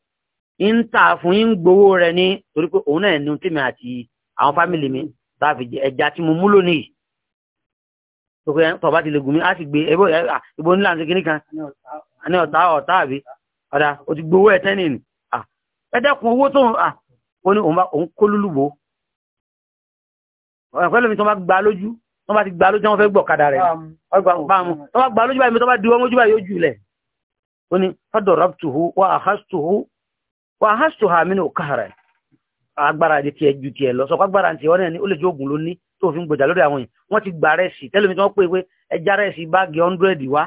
S2: ń tà fún yín gbowó rẹ ní torí pé òun náà ní tèmi àti àwọn fámìlì mi bá fi jẹ ẹja tí mo mú lónìí tókè tọba ti lè gùn mí á sì gbé ẹbọ ah, ìbò ńlá ní kíní kan ní ọ̀tá ọ̀tá àbí ọ̀dà o ti gbowó ẹ̀ tẹ́nì ni ah, ẹ dẹ́kun owó tó ń ah, kó lúlùbó ọ̀pẹ́lẹ́mi tó bá gba lójú wọ́n bá ti gbà lójú wọn fẹ́ gbọ̀ kadà rẹ̀ wọ́n bá gbà lójú báyìí tó bá di wọ́n mójú báyìí ojú ilẹ̀ ó ní fadorabtuhu wa ahastuhu wa ahastuha min okahara agbára di tiẹ̀ ju tiẹ̀ lọ sọ agbára ti wọ́n ní ó lè jẹ́ oògùn ló ní tó fi ń gbèjà lórí àwọn yìí wọ́n ti gbà rẹ̀ sí tẹ́lẹ̀mí tí wọ́n pè pé ẹja rẹ̀ sí báàgì hundred wá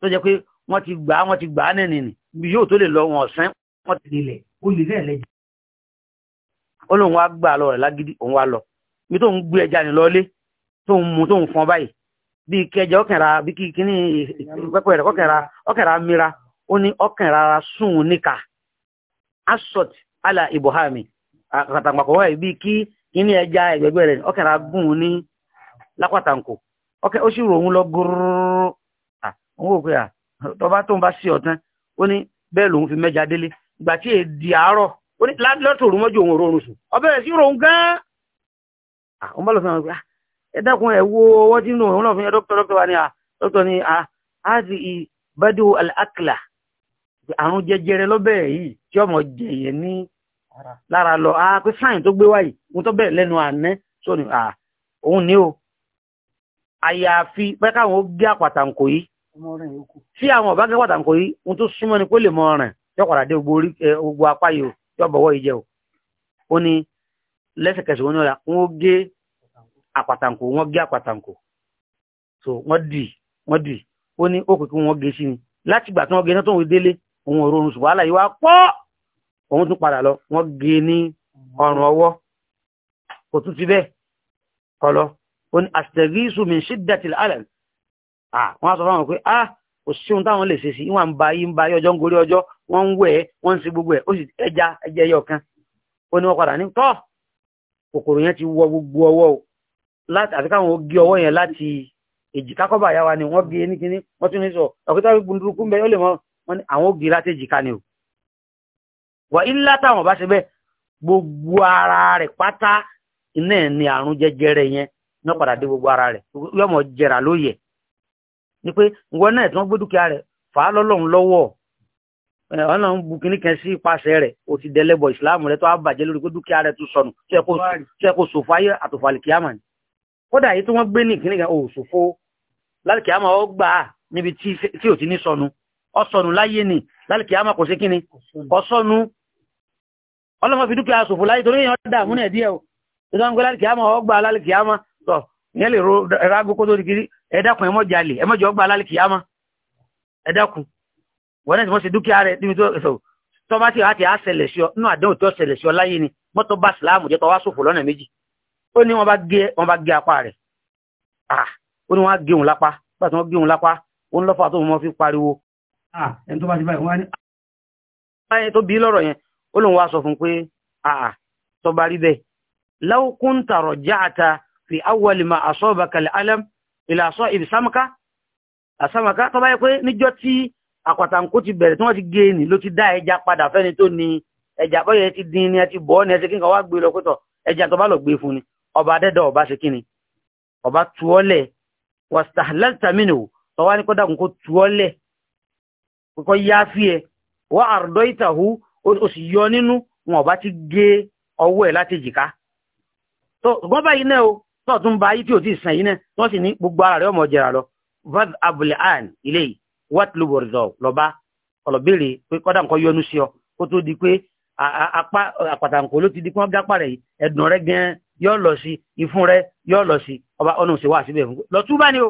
S2: tó jẹ́ pé wọ́n ti gbà wọ́n ti gbà á nìní ni yóò tó lè lọ wọn ọ̀sán wọ́n ti lè lẹ̀ ó lẹ́jẹ̀ ó lóun wá gbà lọ rẹ̀ lágídí òun wá lọ mi tó ń gbé ẹja nì tó ń mu tó ń fọn báyìí bíi kẹjẹ ọkànra bíi kí rẹ ọkànra ọkànra mira ó ní ọkànra sùn asọt ala ibohami àtàgbàpọ̀ wáyé bíi kí kíní ẹja ẹgbẹgbẹ rẹ ọkànra gùn ní lápàtàǹkò ọkẹ ó sì lọ gúrúrú àwọn òkè à tọba tó ń bá sí ọtán ó ní fi délé ìgbà tí èdè ó ní òun sùn gán bá ẹ dákun ẹ wo ọwọ́ tí nù òun náà fi yẹ dókítà dókítà wa ni à dókítà ni à á sì ì bẹ́dù àkìlà àrùn jẹjẹrẹ lọ́bẹ̀ yìí tí ọmọ jẹyẹ ní lára lọ a pé sáyìn tó gbé wáyìí mo tọ́ bẹ̀rẹ̀ lẹ́nu àná tó ni à òun ní o àyàfi pẹ́ káwọn ó gé àpàtàǹkò yìí tí àwọn ọ̀bá gé pàtàǹkò yìí mo tó súnmọ́ ni kó lè mọ ọ̀ràn tí ọ̀pàdà dé gbogbo apá yìí o tí ọ̀bọ̀wọ́ àpàtàǹkò wọ́n gé àpàtàǹkò so wọ́n dì wọ́n dì ó ní ó kìkì wọ́n gé sí ni láti ìgbà tí wọ́n gé náà tó ń délé òun òru oorun ṣùgbọ́n àlàyé wa pọ̀ òun tún padà lọ wọ́n gé ní ọrùn ọwọ́ kò tún ti bẹ́ẹ̀ kọ lọ ó ní àṣìtẹ̀gísù mi ṣídàtìl alẹ́ ah wọ́n á sọ fáwọn pé ah kò sí ohun táwọn lè ṣe sí ìwọ̀n ba yí ń ba yí ọjọ́ ń gorí ọjọ́ wọ́n ń wẹ̀ ẹ́ wọ́n ń ṣe gbogbo ẹ̀ ó sì ẹja ẹja ẹyọ kan ó ní wọ́n padà ní tọ́ kòkòrò yẹn ti wọ gbogbo ọwọ́ o láti àti káwọn gé ọwọ́ yẹn láti èjìká kọ́bà àyà wa ni wọ́n gé e ní kíní wọ́n tún ní sọ ọ̀kẹ́tà wí gbunduruku ń bẹ ó lè mọ wọn ni àwọn gé e láti èjìká ni o wà ilá táwọn bá ṣe bẹ́ẹ̀ gbogbo ara rẹ̀ pátá iná ẹ̀ ni àrùn jẹjẹrẹ yẹn náà padà dé gbogbo ara rẹ̀ yọmọ jẹrà lóye ni pé wọn náà tí wọ́n gbé dúkìá rẹ̀ fà á lọ́lọ́run lọ́wọ́ ọ̀nà ń bu kìíní kan sí ipasẹ̀ rẹ̀ o ti dẹlẹ́bọ̀ ìsìláàmù rẹ̀ tó á bàjẹ́ lórí pé dúkìá rẹ̀ tún sọnù tó yẹ kó ṣòfò ayé àtòfàlìkìámà ni kódà èyí tí wọ́n gbé ní ìkíníkà òṣòfò lálùkì àmà ó gbà á níbi tí ò ti ní sọnù ọsọnù láyé ni lálùkì àmà kò sí kíni ọsọnù ọlọ́mọ fi dúkìá ṣòfò láyé torí èèyàn dà múnẹ̀ díẹ̀ o ìjọ ń gbé lálùkì àmà ó gbà á lálùkì àmà tọ̀ ìyẹn lè ro ẹ̀rágó kó tó di kiri ẹ̀dákun ẹ̀mọ́ jalè ẹ̀mọ́ jọ gbà á lálùkì àmà ẹ̀dákun ni mọ́tò bá sìláàmù jẹ́ tọ́ wá ṣòfò lọ́nà ó ní wọ́n bá gé wọ́n bá gé apá rẹ̀ ó ní wọ́n gé òun lápá nígbà tí wọ́n gé òun lápá ó ń lọ́fà tó mọ́ fi pariwo ẹni tó bá ti báyìí wọ́n á ní ààyè tó bí lọ́rọ̀ yẹn ó lóun wá sọ fún pé àà rí bẹ́ẹ̀ law kunta raja'ta fi awwal ma asabaka al-alam ila sahibi samaka àsámaka tó bá yẹ pé níjọ́ tí àpàtàǹkó ti bẹ̀rẹ̀ tí wọ́n ti gé e ni ló ti dá ẹja padà fẹ́ni tó ni ẹja bọ́yẹ ti dín ni ẹ ti bọ́ ni ẹ ti kí nǹkan wá gbé lọ pẹ́tọ̀ ẹja tó bá lọ gbé e fún ni ọba dẹ́dọ̀ ọba ṣe kíni ọba tuọ́lẹ̀ wàstahlalta minhu tọwá ní kọ́dà kò tuọ́lẹ̀ kò yá fi ẹ wà àrùdọ́ ìtàhú ó sì yọ nínú wọn ọba ti gé ọwọ́ ẹ̀ láti jìká ṣùgbọ́n báyìí náà o tó tún bá ayé tí ò ti sàn yìí náà tó sì ní gbogbo ara rẹ̀ ọmọ jẹrà lọ vad abul an ilé yìí wat luborizọ lọba ọlọbìrì pé kọ́dà nǹkan yọnu sí ọ kó tó di pé apá àpàtàǹkó ló ti di pé wọ́n dápà rẹ̀ yìí ẹ̀dùn rẹ̀ gan-an yóò lọ sí ìfún rẹ yóò lọ sí ọba ọ̀nà òsèwà síbẹ̀ fún lọ túbá ni o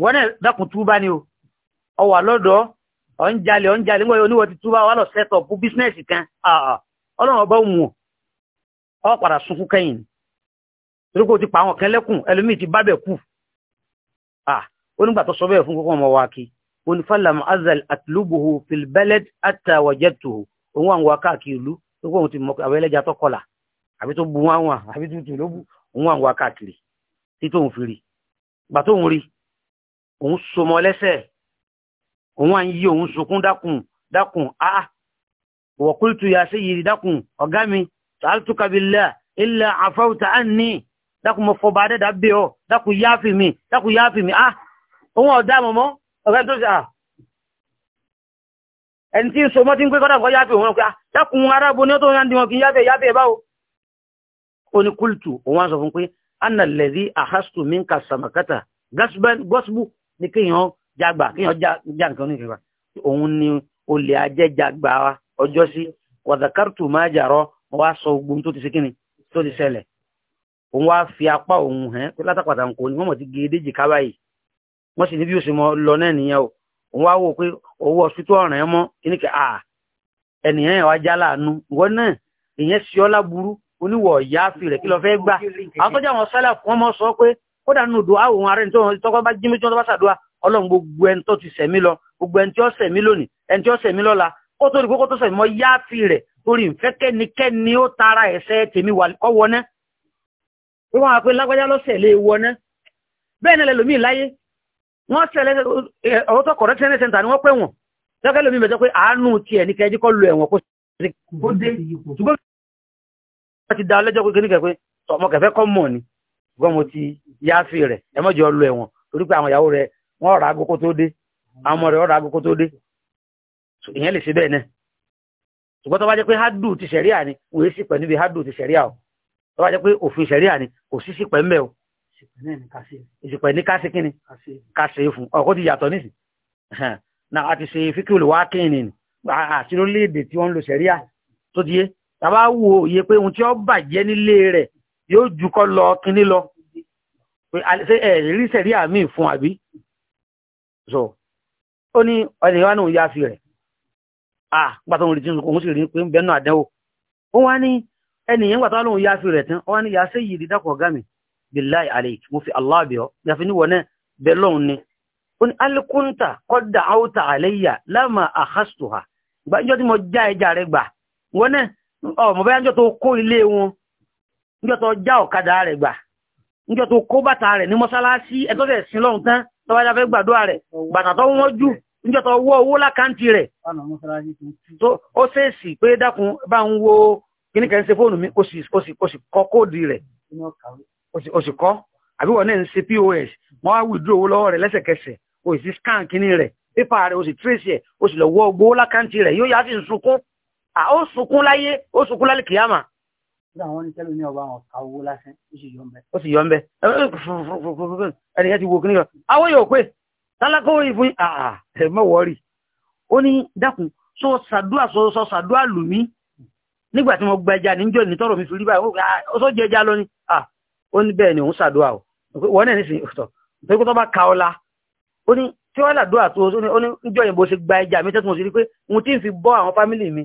S2: wọ́n náà dákun túbá ni o ọwà lọ́dọ̀ ọ̀ ń jalè ọ̀ ń jalè nígbà oníwọ̀ ti túbá wà lọ sẹ́tọ̀ fún bísínẹ́sì kan ọlọ́run ọba òun ọ padà sunkún kẹ́yìn torí kò ti pa àwọn kan lẹ́kùn ẹlòmíì ti bábẹ̀ kù onígbà tó sọ bẹ́ẹ̀ fún kókó ọmọ wa kí onífàlàmù azal atlubuhu filbalad atawajatuhu òun àwọn akáàkiri ìlú tó kó ti mọ àwọn ẹlẹ́jà tó kọlà àbí tó bu wọn wọn àbí tútù ló bu òun àwọn akáàkiri tí tóun fi rí gbà tóun rí òun somọ lẹ́sẹ̀ òun à ń yí òun sunkún dákun dákun áá wọ̀kúlùtù yà sí yìí dákun ọ̀gá mi sàálùtùkà billah illa àfáwùtà á ní dákun mo fọba adẹ́dà bí ọ dákun yáàfì mi dákun yáàfì mi áá òun ọ̀dá mọ̀mọ́ ọ̀gá tó ṣe ẹni tí ń somọ́ tí ń pé kọ́dà kọ́ yáàfì òun ọ̀gá dákun arábo ní ó tó ń ń di wọn kì í yáàfì yáàfì báwo ó ní kúlùtù òun á sọ fún pé anna lẹ́dí àhásùtù minka samakata gọ́sùbù ní já nǹkan ní òun ni olè ajẹ́jàgbà ọjọ́ sí wàdàkàrùtù máa jàrọ wọ́n sọ ogun tó ti ṣe kíni tó ti ṣẹlẹ̀ òun wá fi apá òun hẹ́n pé nǹkan ni wọ́n mọ̀ ti gé e déjì kábà yìí wọ́n sì ní bí o òun wá wò pé owó ọ̀sítọ́ ọ̀ràn ẹ̀ mọ́ kíníkẹ́ à ẹnìyẹn wá já láàánú ìwọ náà ìyẹn oníwọ̀ ìyá fi rẹ̀ kí lọ fẹ́ gbà àwọn tó jẹ́ àwọn sálà wọn mọ́ sọ pé kódà nínú dùn áwò ohun ààrẹ nítorí tọ́kọ́ bá jí méjì wọn tó bá ṣàdúrà ọlọ́run gbogbo ẹni tó ti sẹ̀mí lọ gbogbo ẹni tí ó sẹ̀mí lónìí ẹni tí ó sẹ̀mí lọ́la kó tó rí kókó tó sẹ̀mí mọ́ yá fi rẹ̀ torí ìfẹ́ kẹ́nikẹ́ni ó tara ẹ̀ṣẹ̀ tèmi wà wọ́n ti dá lẹ́jọ́ pé kíníkẹ́ ọmọ kẹfẹ́ kọ́ mọ̀ ni gbọ́n mo ti yááfì rẹ̀ ẹ mọ̀jọ lọ ẹ̀wọ̀n torí pé àwọn ìyàwó rẹ̀ wọ́n rà agogo tó dé àwọn ọmọ rẹ̀ wọ́n rà agogo tó dé ìyẹn lè ṣe bẹ́ẹ̀ náà ṣùgbọ́n tó bá o tó bá jẹ́ pé òfin kò sí pẹ̀ ń bẹ̀ o ní kíni fún ti yàtọ̀ nísì náà tàbá wo òye pé ohun tí ó bàjẹ́ nílé rẹ̀ yóò ju kọ́ lọ kínní lọ pé ẹ̀rí sẹ̀rí àmì fún àbí so ó ní ọ̀nà ìwà náà yáfi rẹ̀ ah gbà tó ń rí tí òun sì rí pé ń bẹ́ẹ̀ náà àdánwò ó wá ní ẹnìyàn gbà tó lóun yáfi rẹ̀ tán ó wá ní yà sí yìí dídákọ̀ ọ̀gá mi billahi aleik mo fi Allah ọ́ yàfi níwọ̀ náà bẹ́ẹ̀ lọ́hùn ni ó ní alikunta kọ́dà áwùtà àlẹ́yà lámà àhásùtù ha gbà níjọ́ tí mo já ẹja rẹ̀ gbà wọ́n náà ọmọ bẹ́ẹ̀ níjọ́ tó kó ilé wọn níjọ́ tó já ọ̀kadà rẹ̀ gbà níjọ́ tó kó bàtà rẹ̀ ní mọ́sálásí ẹ̀tọ́ tẹ̀ sí lọ́hùn tán tọ́wọ́ jáfẹ́ gbàdúrà rẹ̀ bàtà tó wọ́n jù níjọ́ tó wọ́ owó lákàntì rẹ̀ ó ṣèèṣì pé dákun bá ń wo kíní kẹ́ ń ṣe fóònù mi ó sì kọ́ kóòdì rẹ̀ ó sì kọ́ àbí wọ́n náà ń ṣe pos wọ́n á withdraw owó lọ́wọ́ rẹ̀ lẹ́sẹ̀kẹsẹ̀ ó sì scan kíní rẹ̀ pépà rẹ̀ ó sì trace ẹ̀ ó sì lọ wọ́ owó lákàntì rẹ̀ yóò yá sí sunkún ó sunkún láyé ó sunkún lálẹ́ kìyàmà.
S1: nígbà wọn ní tẹ́lú ní ọba àwọn ọ̀ka owó lásán ó sì yọ ń bẹ.
S2: ó sì yọ ń bẹ ẹnìyẹn ti wo kí ni yọ àwọn yóò pé tálákó ìfún ẹ mọ́wọ́rì ó ní dákun sọ sàdúà sọ sọ sàdúà lù mí nígbà tí mo gba ẹja níjọ́ ní tọ́rọ̀ mi fi rí báyìí ó sọ jẹ ẹja lọ ni ó ní bẹ́ẹ̀ ni òun sàdúà o wọ́n náà nísìnyí ọ̀tọ̀ pé kó tó bá ka ọlá ó ní tí wọ́n làdúà tó ni ní níjọ́ yìí bó ṣe gba ẹja mi tẹ́tí mo sì rí pé mo ti fi bọ́ àwọn fámìlì mi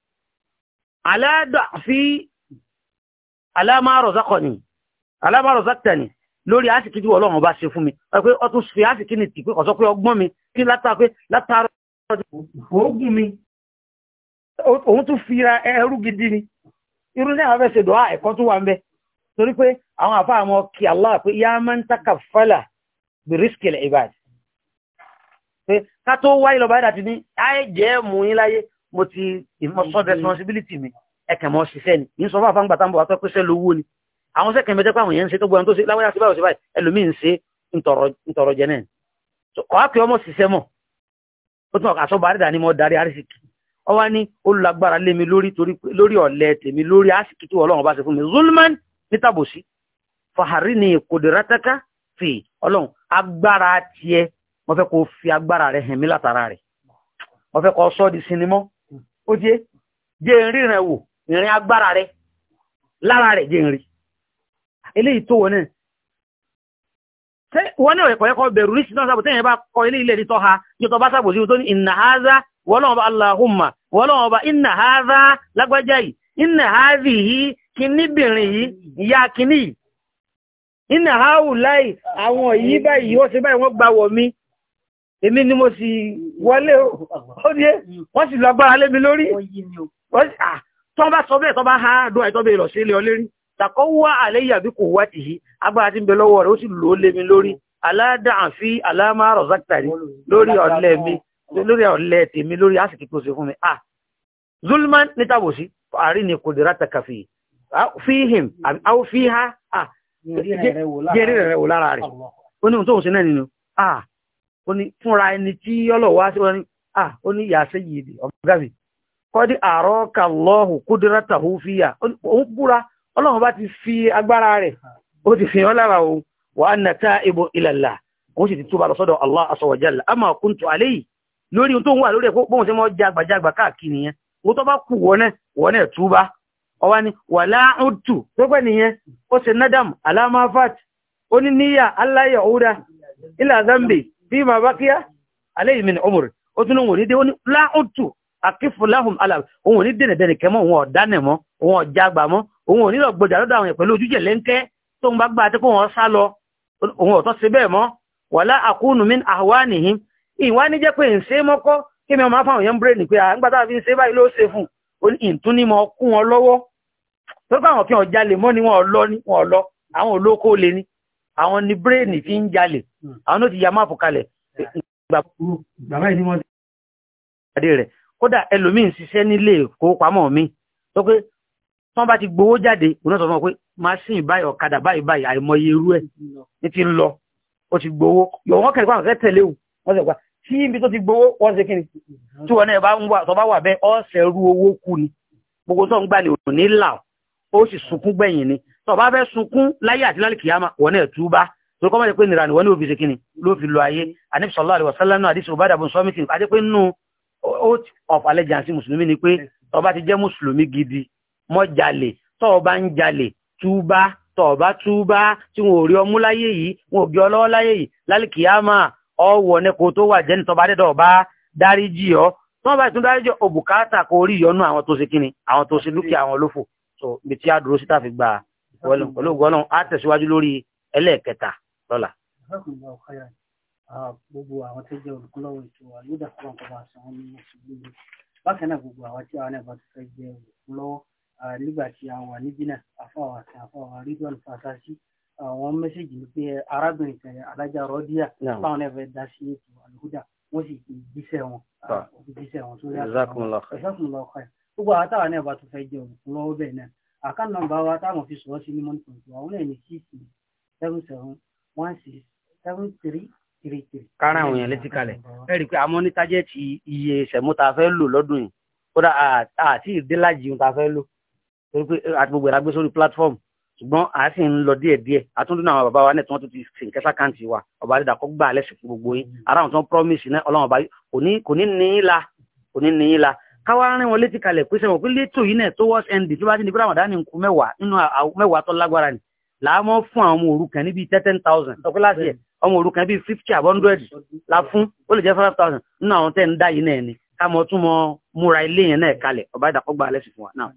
S2: aláàdà fi aláàmárọ̀zákọ̀ni aláàmárọ̀zákọ̀ni lórí àsìkí tí ọlọ́run bá ṣe fún mi pé ọtún fi àsìkí ni tìpé ọ̀sọ́ pé ọgbọ́n mi kí látàrọ̀ ogun mi òun tún fi ra ẹrú gidi ni irú ní àwọn fẹ́ ṣe dọ́wà ẹ̀kọ́ tún wà ń bẹ torí pé àwọn àfáàmọ́ kí Allah pé yá máa ń tàkà fẹ́là ká tó wáyé lọ báyìí àti ní àìjẹ́ mú yín láyé mo ti ìmọ̀sọ́ responsibility mi ẹkẹ̀mọ́ ṣiṣẹ́ ni yìí sọ fún àfáǹgbà táwọn bọ̀ àtọ́pẹ́sẹ́ lówó ni àwọn sẹ́kẹ̀ mẹ́tẹ́ pàwọn yẹn ń ṣe tó gbọ́n tó ṣe láwọn yàtí báyọ̀ sí báyìí ẹlòmíì ń ṣe ntọ̀rọ̀ jẹ náà kọ́ákì ọmọ ṣiṣẹ́ mọ̀ ó tún ọ̀kà sọ́ba àrídà ni mo darí àrísìkì ọ wá ní olùlágbára lé mi lórí ọ̀lẹ tèmi lórí àsìkì tí ọlọ́run bá ṣe fún mi zulman ní tàbòsí fàhárí ni kòdìrátẹ́ká fi ọlọ́run agbára tiẹ̀ mo fẹ́ kó fi agbára rẹ̀ hàn mí látara rẹ̀ mo fẹ́ kó sọ́ di sinimọ́ ó jẹ́ jẹ́ ìrìn rẹ̀ wò ìrìn agbára rẹ̀ lára rẹ̀ jẹ́ ìrìn eléyìí tó wọ́n náà wọ́n náà ẹ̀kọ́ ẹ̀kọ́ bẹ̀rù ní ṣìtọ́ sábò tẹ́yìn bá kọ ilé ilẹ̀ nítọ́ ha yóò tọ́ bá sábò sí tó ní inna hadha wọ́lọ́wọ́ bá Allahumma wọ́lọ́wọ́ bá inna hadha lágbájá yìí inna hadhihi
S3: kìnníbìnrin yìí ìyá kìnní yìí inna haulai àwọn èmi ni mo sì wọlé ó ní wọ́n sì lágbára lé mi lórí tó bá sọ bẹ́ẹ̀ tó bá ha dùn
S2: àìtọ́ bẹ́ẹ̀ lọ sí ilé ọlérí tàkọ́ wá àléyà bí kò wá tìí agbára tí ń bẹ lọ́wọ́ rẹ̀ ó sì lò ó lé mi lórí aládà àfi aláàmà rọ̀sáktàrí lórí ọ̀lẹ́ mi lórí ọ̀lẹ́ tèmi lórí àsìkò tó ṣe fún mi ah zulman ní tàbòsí àárín ni kò dìrà tàkàfì fíhìm àwọn fíhá ah jẹ́rí rẹ̀ wò lára rẹ̀ ó ní ohun tó ń ṣe náà nínú ah ó ní fúnra ẹni tí yọ́lọ̀ wá sí wọn ni à ó ní ka yìí di ọ̀gá mi kọ́dí àárọ̀ kàlọ́hù kúdírátà hù òun búra bá ti fi agbára rẹ̀ ó ti fi hàn o wà á ibo ìlàlà òun sì ti túbà lọ sọ́dọ̀ Allah wa jalla àmà kuntu alayhi lórí ohun tó ń wà lórí ẹ̀kọ́ bóun ṣe mọ́ jagbàjagbà káàkiri yẹn ohun tó bá túbà ni wà bí ma bá kíá aléyìí mi ní ọmọ rẹ̀ ó tún lóhun onídé ó ní láhùtù akífò láhùn alà òun òní dènà dẹnì kẹmọ òun ọdánẹ mọ òun ọjà gbà mọ òun òní lọgbọjà lọ́dọ̀ àwọn pẹ̀lú ojújẹ lẹńkẹ tó ń bá gbà àti kó wọn sá lọ òun ọ̀tọ̀ sí bẹ́ẹ̀ mọ wàlá àkúnù mi àwa nìyí ìwà ní jẹ́ pé ń ṣe mọkọ kí mi ọmọ afáwọn yẹn ń bèrè ní pé à ń gbàtà fi ń ṣe báyìí ló ṣe fún ìtún ní mọ kún wọn lọ́wọ́ tó bá àwọn kí wọn jalè mọ ni wọn lọ ni wọn lọ àwọn olóko le ni àwọn ni bírèèni fi ń jalè Hmm. àwọn ó ti ya máàpù kalẹ̀ ìgbàgbà ìní wọn ti rẹ̀ kódà ẹlòmíì ń ṣiṣẹ́ nílé ìkówópamọ́ mi tó pé wọ́n bá ti gbowó jáde òun náà sọ fún ọ pé máṣíìnì báyìí ọ̀kadà báyìí báyìí àìmọye irú ẹ̀ ní ti ń lọ ó ti gbowó yọ̀wọ́n kẹ̀kọ́ àwọn fẹ́ tẹ̀lé o wọ́n sọ pé tí ibi tó ti gbowó wọ́n ṣe kíni tí wọn náà bá ń wà tó bá wà bẹ́ẹ̀ ọ̀sẹ̀ ru owó kù ni gbogbo tó ń gbà ní òun ní là ó sì sunkún gbẹ̀yìn ni tó bá fẹ́ sunkún láyé àti lálẹ́ kìyàmá wọn náà túbá tó kọ́ mọ́jẹ́ pé nìra nìwọ́n ní òbí ṣe kíni ló fi lo ayé Ànábì sallallahu alaihi wasallam náà àdísù bá dàbùn sọ́mìtì àti pé nínú oath of allegiance mùsùlùmí ni pé tó bá ti jẹ́ mùsùlùmí gidi mọ́ jalè tó bá ń jalè túbá tó bá túbá tí wọn ò rí ọmú láyé yìí wọn ò gbé ọlọ́wọ́ láyé yìí lálìkìyàmà ọwọ́ ní kò tó wà jẹ́ ní tó so ibi tí a dúró síta fi gbà wọlé pẹ̀lú ògbọ́n náà á ẹlẹ́ẹ̀kẹta lọ́la.
S1: gbogbo àwọn tó jẹ́ olùkúlọ́wọ́ ètò wa yóò dàpọ̀ àwọn ọba àṣà wọn ní oṣù gbogbo bákan náà gbogbo àwọn tí àwọn ẹ̀bà tó fẹ́ jẹ́ olùkúlọ́wọ́ nígbà tí a wà níbí náà àfọwọ́ àti àfọwọ́ rídọ́ọ̀nù fàtàsí àwọn mẹ́sẹ̀gì ni pé arábìnrin kan alájà rọ́díà táwọn náà fẹ́ dá sí ètò àlùkùdà wọ́n sì jíṣẹ́ wọn jíṣẹ́ wọn sórí àtàwọn gbogbo àwọn táwọn náà bá tó fẹ́ jẹ́ olùkúlọ́wọ́ bẹ́ẹ̀ náà àkáǹtì nọ́mbà wa táwọn fi sọ̀rọ̀ sí ní mọ́nìkọ̀ǹtì àwọn náà ní six seven seven one six
S2: seven three three three. kára àwọn èèyàn létí kalẹ̀ ẹ rí i pé àmọ́ ní tájẹ́ẹ̀tì iye ìṣẹ̀mú tá a fẹ́ lò lọ́dún yìí kódà àti ìdílàjì ohun a fẹ́ lò torí pé eh, àti gbogbo ìlàgbé sórí platform ṣùgbọ́n a sì ń lọ díẹ̀ díẹ̀ àtúndún àwọn bàbá wa náà tí wọ́n tún ti ṣèǹkẹ́ sákàǹtì wa ọba àdìdàkọ́ gbà lẹ́sìn fún gbogbo yín ara àwọn tó ń promise náà ọlọ́run ọba kò ní ní í la kò ní ní í la káwá rán wọn létí kalẹ̀ pé sẹ́wọ̀n pé létò yìí náà towards end tí wọ́n ti ní pé ramadan ní nkú mẹ́wàá nínú mẹ́wàá tó lágbára ni láàmọ́ fún àwọn ọmọ òrukàn níbi ten thousand tọ́pẹ́ láti ẹ̀ ọmọ òrukàn bíi fifty àbọ̀ hundred la fún ó lè jẹ́ five thousand nínú àwọn tẹ́ ń dá yìí náà ni ká mọ tún mọ múra ilé yẹn náà kalẹ̀ ọba ìdàkọ́gbà alẹ́ sì fún wa náà.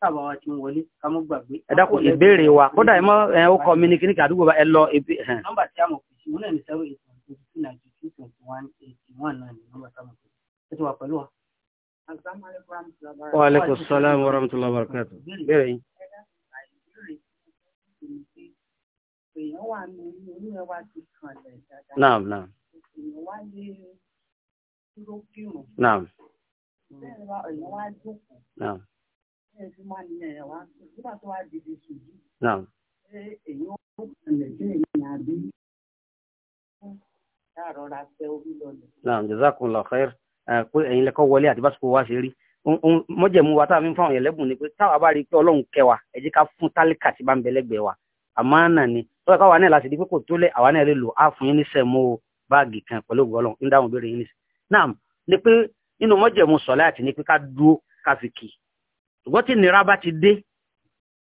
S1: sábà wa ti ń wọlé ká mọ́ gbàgbé. ẹ dákun ìbéèrè wa
S2: kódà ẹ mọ ẹ ó kọ mi ní kíníkà àdúgbò bá ẹ lọ ebi. nọ́mbà
S1: tí a mọ̀ kù sí wọn náà ní seven eight one twenty two ninety two twenty one eighty one náà ní nọ́mbà tí a mọ̀ kù sí ẹ ti wà pẹ̀lú wa. wa aleykum salaam wa rahmatulah wa barakatu. èèyàn wà ní orí ẹ wá ti kànlẹ̀ dáadáa. naam naam. èèyàn wá lé dúró kírun. naam. bẹ́ẹ̀ wá èèyàn wá jókòó. naam. bẹ́ẹ̀ tí wọ́n ní ẹ̀yàn wá nígbà tó wá dìde sùjú. naam. ṣé èèyàn ó kànlẹ̀ sí èèyàn àbí láàárọ̀ ra fẹ́
S2: orí pé ẹ̀yin lẹ́kọ́ wọlé àti básíkò wá ṣe rí mọ́jẹ̀mú wa táwọn fún àwọn ẹlẹ́bùn ni pé táwa bá rí i pé ọlọ́run kẹwàá ẹ ká fún tálíkà tí bá ń bẹ lẹ́gbẹ̀ẹ́ wa àmánà ni ó yẹ káwa náà láti di pé kò tó lẹ àwa náà lè lò á fún yín ní sẹmó báàgì kan pẹ̀lú gọlọ ń dáhùn béèrè yín nísìn náà ni pé nínú mọ́jẹ̀mú sọ̀lá àti ni pé ká dúró ká fi kì ṣùgbọ́n tí nira bá ti dé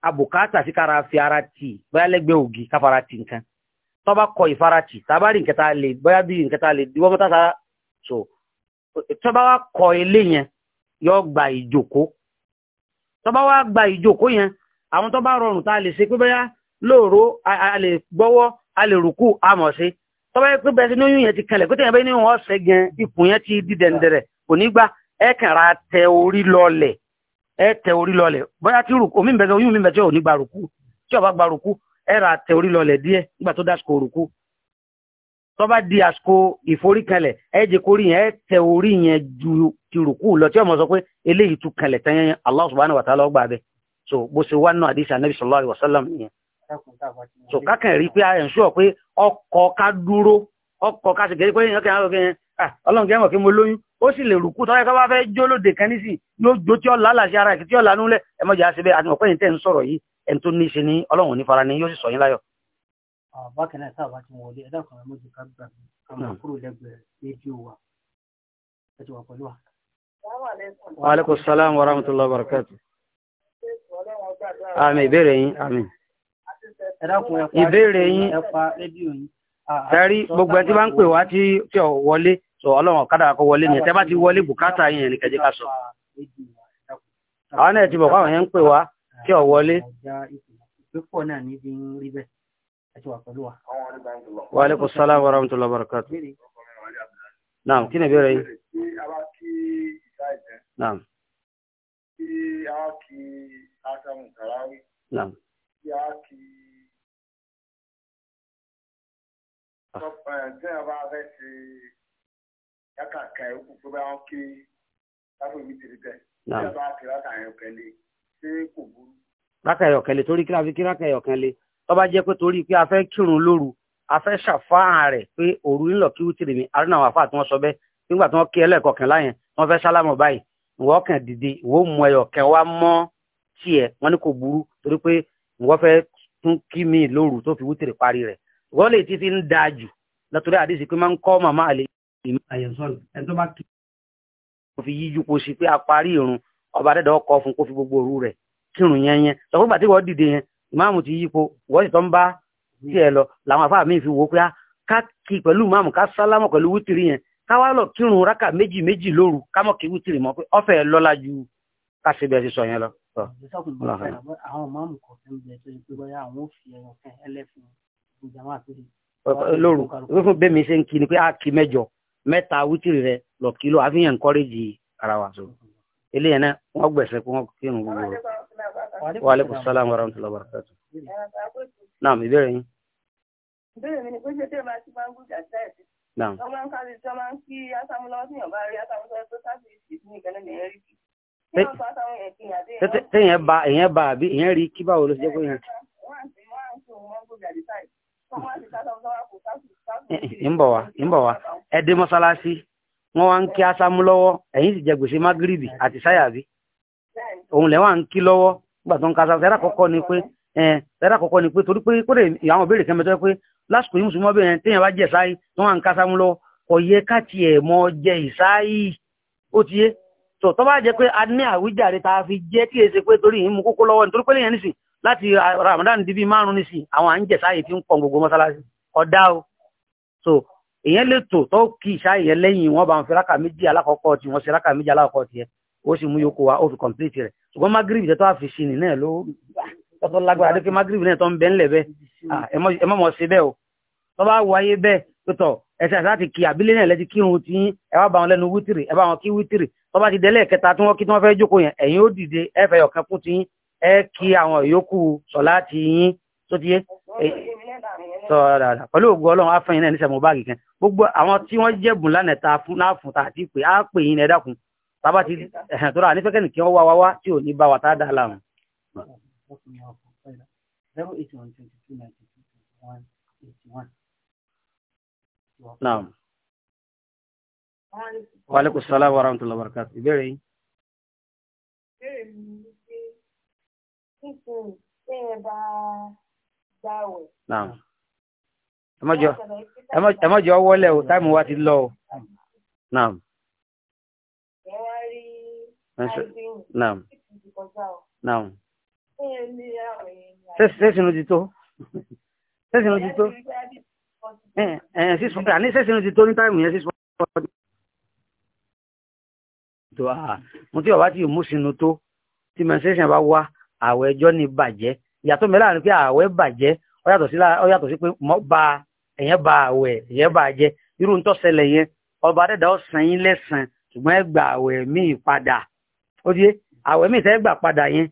S2: abùkátà sí kára fi ara tì bóyá lẹ́gbẹ̀ẹ́ ògì ká fara tì nǹkan tó bá kọ ìfaratì tábàrí nǹkan lè bóyá bí nǹkan lè diwọ́ mọ́tà sára so tó bá wá kọ ilé yẹn yọ gba ìjòkó tó bá wá gba ìjòkó yẹn àwọn tó rọrùn tá a lè ṣe pé bóyá lóòró a lè gbọ́wọ́ a lè rùkú àmọ̀ sí tọ́bá yẹ pé bẹ́ẹ̀ sí lóyún yẹn ti kalẹ̀ pé tẹ̀yẹ̀ bẹ́ẹ̀ ní wọ́n ṣẹ́ gan ikùn yẹn ti di dẹ̀ndẹ̀rẹ̀ kò ní gbá ẹ kàrà tẹ orí lọlẹ̀ ẹ tẹ orí lọlẹ̀ bóyá tí rùkú omi bẹ̀rẹ̀ oyún mi bẹ̀rẹ̀ tí ò ní gba rùkú tí ọba gba rùkú ẹ rà tẹ orí lọlẹ̀ díẹ̀ nígbà tó dásìkò rùkú tọ́bá di àsìkò ìforíkalẹ̀ ẹ jẹ́ kórí yẹn ẹ tẹ orí yẹn ju ti rùkú lọ tí ọmọ sọ pé eléyìí tu kalẹ̀ tẹ́yẹn Allah subhanahu wa ta'ala ọgbà bẹ́ẹ̀ so bó ṣe wá náà àdìsí anabi sallallahu alayhi wa sallam yẹn so kákan rí pé a ẹ̀ ń ṣọ́ pé ọkọ̀ ká dúró ọkọ̀ ká ṣe kéré pé ìyàn kẹ́hàn ọkẹ́ ah, ọlọ́run kẹ́hàn kí mo lóyún ó sì lè rùkú tọ́wọ́ ẹ̀ká bá fẹ́ jó lóde kan ní sí yóò jó tí ọ̀la àlàṣẹ ara ìkìtì ọ̀la núlẹ̀ ẹ mọ̀jà ṣe bẹ́ẹ̀ àti mọ̀pẹ́ yìí tẹ́ ń sọ̀rọ̀ yìí ẹni tó ní í ṣe ní ọlọ́run ní fara ni yóò sì sọ yín láyọ̀.
S1: bákan náà sáà bá ti wọlé ẹ̀dá kan ló ti ká gbà mí hmm.
S2: àwọn ìbéèrè yín àmín
S1: ìbéèrè yín ah, ah, sẹ́rí gbogbo ẹ tí bá ń pè wá
S2: tí tí ò wọlé sọ ọlọ́run kádà kó wọlé nìyẹn tẹ́ bá ti wọlé bùkátà yẹn ní kẹjẹ ká sọ.
S1: àwọn náà ti bọ̀ fáwọn yẹn ń
S2: pè wá tí ò wọlé.
S1: wa alaikum salaam
S2: wa rahmatullahi wa barakatuh. naam kí ni ìbéèrè yín. naam.
S3: tí wọn bá fẹ́ ṣe yàkàkà ẹ̀kú pé wọn kí lábòmí tètè tẹ tí wọn bá kí lákà ẹ̀yọ̀kẹ́lẹ̀ ṣé kò burú. lákà
S2: ẹ̀yọ̀kẹ́lẹ̀ torí kí la fi kí lákà ẹ̀yọ̀kẹ́lẹ̀ tó bá jẹ́ pé torí pé a fẹ́ kírun lóru a fẹ́ ṣàfáà rẹ̀ pé òru ńlọ kí wítìrì ni àrùn àwọn àfáà tí wọ́n sọ bẹ́ẹ̀ nígbà tí wọ́n kí ẹlẹ́ẹ̀kọ̀kànlá yẹn wọ́n fẹ́ sálámọ̀ báyìí wọ́n kàn dìde ìwọ mú ẹyọ̀kẹ́ wá mọ́ tiẹ̀ wọ́n ní kò burú torí pé wọ́n fẹ́ tún kí mi lóru tó fi wítìrì parí rẹ̀ wọ́n lè ti ti ń da jù látọ̀rí àdísì pé máa ń kọ́ màmá àlè àyẹ̀sọ́rọ̀ ẹni tó bá kí ó fi yíjú kó sí pé a parí irun ọba dẹ́dọ̀ ọkọ̀ fún kó fi gbogbo òru rẹ̀ kírun yẹn yẹn sọ fún ìgbà tí wọ́n dìde yẹn ìmáàmù ti yípo wọ́n sì tọ́ ń bá díẹ̀ lọ làwọn àfáà míì fi wò ó pé ah, ká kí pẹ̀lú ìmáàmù ká sálámọ̀ pẹ̀lú wítìrì yẹn ká wá rákà méjì méjì lóru ká kí wítìrì mọ́ pé ọ̀fẹ́ lọ́la ju ká ṣe bẹ́ẹ̀ yẹn lọ lóru wífún bẹ́ẹ̀ mi ṣe ń kí ni pé a kí mẹ́jọ mẹ́ta wítìrì rẹ lọ kí ló àfihàn encourage ara wa so eléyìí náà wọ́n gbẹ̀sẹ̀ pé wọ́n kí irun gbogbo rẹ̀ wa aleykum salaam wa rahmatulah wa barakatu. naam ìbéèrè yín.
S3: ìbéèrè mi ni pé ṣé tèmi àti bá ń gbújà sẹ́ẹ̀sì. naam. ọmọ nǹkan àti ìjọ máa ń kí asámúlọ́wọ́ tí yàn rí asámúlọ́wọ́ tó sáfìsì ní ìkẹ́lẹ́ nìyẹn rí kí. téèyàn bá
S2: èèyàn bá àbí èèyàn rí kí báwo ló ṣe jẹ́ pé yẹn ìmbọ̀wá eh, eh, ìmbọ̀wá ẹdẹ mọ́sálásí wọ́n wá ń kí ásámú lọ́wọ́ ẹ̀yìn sì jẹ gbèsè magribi àti sáyàbí òun lẹ́wà ń kí lọ́wọ́ nígbà tó ń ka sáyàbí kọ́kọ́ ni pé ẹ̀ẹ́dá kọ́kọ́ ni pé torí pé kó lè àwọn òbèrè kẹ́mẹ́tọ́ pé lásìkò yìí mùsùlùmọ́ bẹ̀rẹ̀ téèyàn bá jẹ́ sáyì tó wà ń ka sáyàmú lọ́wọ́ kò yẹ ká tiẹ̀ mọ jẹ ìsáyì ó ti yé tó tọ́ bá jẹ pé a ní àwíjàre tá a fi jẹ́ kí èsì pé torí ìmú kókó lọ́wọ́ nítorí pé lè yẹn láti ah, Ramadan di bí márùn ní sí àwọn à ń jẹ sáyé tí ń pọ̀ gbogbo mọ́sálásí ọ̀dá o so èyàn lè tò tó kí ìṣáyé yẹn lẹ́yìn wọn bá ń fi rákà méjì alákọ̀ọ́kọ́ tí wọ́n ṣe rákà méjì alákọ̀ọ́kọ́ tiẹ̀ ó sì mú yòókù wa ó fi complete rẹ̀ ṣùgbọ́n magrib tẹ́tọ́ àfìsí nì náà ló tọ́tọ́ lágbára dé pé magrib náà tó ń bẹ́ ńlẹ̀ bẹ́ ẹ mọ̀ ṣe bẹ́ẹ̀ o tó bá wáyé bẹ́ẹ̀ tó tọ̀ ẹsẹ̀ àti kí àbílẹ̀ náà lẹ́ti ẹ wá ẹ bá wọn kí wítìrì tó ẹ kí àwọn ìyókù sọ̀láàtì yín tó ti yé sọ̀rọ̀ pẹ̀lú ògùn ọlọ́run afẹ́yìn náà níṣẹ́ mo báàgì kan gbogbo àwọn tí wọ́n jẹ̀bùn lánàá ta fún láàfún ta àti pé a pè yín ẹ̀dákun tábà ti ẹ̀hàn tó rà nífẹ̀ẹ́ kí wọ́n wá wá wá tí ò ní bá wa tá a dá a láàrùn. Naam. Wa alaikum salaam Ìbéèrè yín
S3: nísìnyí ṣé ẹ bá gbàwẹ̀.
S2: ẹ má jọ wọlé o táìmù wa ti lọ o. Naam.
S3: Ẹ wá rí àìsíyìn. Naam. Naam. Sẹ́sìn ló ti tó. Sẹ́sìn ló ti tó.
S2: Àní sẹ́sìn ló ti tó ní táìmù yẹn sísun ọdún. Mo tí bàbá tí mú sínú tó tí mẹ́sẹ̀sìn bá wá àwẹ̀ ẹjọ́ ni bàjẹ́ ìyàtọ̀ mẹ́rin láàrin pé àwẹ̀ bàjẹ́ ó yàtọ̀ sí pé ba ẹ̀yẹn ba àwẹ̀ ẹ̀yẹn bàjẹ́ irú ń tó ṣẹlẹ̀ yẹn ọba adẹ́dà ó san yín lẹ́san ṣùgbọ́n ẹ gba àwẹ̀ míì padà ó di àwẹ̀ míì tẹ́ gbà padà yẹn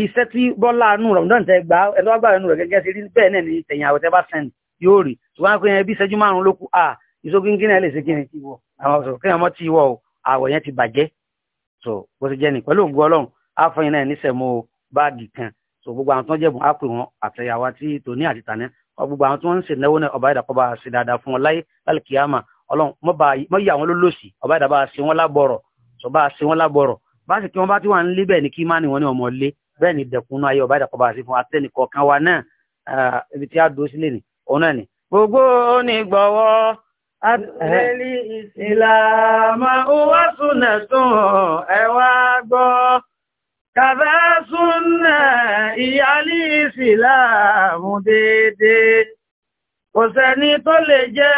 S2: iṣẹ́ tí bọ́lá anú rọ̀mùdán tẹ́ gbà ẹ̀rọ agbára inú rẹ̀ gẹ́gẹ́ sí rí bẹ́ẹ̀ náà ní tẹ̀yìn àwẹ̀ tẹ́ bá sẹ́ni yóò rí ṣùgbọ́n pé ẹbí ìṣẹ́jú márùn ni pẹ̀lú báàgì kan so gbogbo àwọn tó ń jẹ̀bùn á pè wọn àtẹ̀yàwó àti tòní àti tàní gbogbo àwọn tó ń ṣe náwó náà ọba ìdàpọ̀ bá ṣe dáadáa fún wọn láyé lálùkìyàmà ọlọ́run mọ́ yà wọn lólòsì ọba ìdàbà ṣe wọn lábọ̀rọ̀ sọ bá ṣe wọn lábọ̀rọ̀ bá sì kí wọn bá ti wà ń lé bẹ́ẹ̀ ni kí má ní wọn ní ọmọ lé bẹ́ẹ̀ ni dẹ̀kun ayé ọba ìdàpọ̀ bá ṣe fún atẹ́nìkọ̀ kan wa náà ah, ibi tí a dúró sílẹ̀ ni òun náà ni. gbogbo onígbọ̀wọ́
S3: àtẹ̀lé ìsìlámà ó wá súnà sùn ẹ̀ wá gbọ́. Kàbá súnnà ìyálí ìsìláàmù dédé. Kò sẹ́ni tó lè jẹ́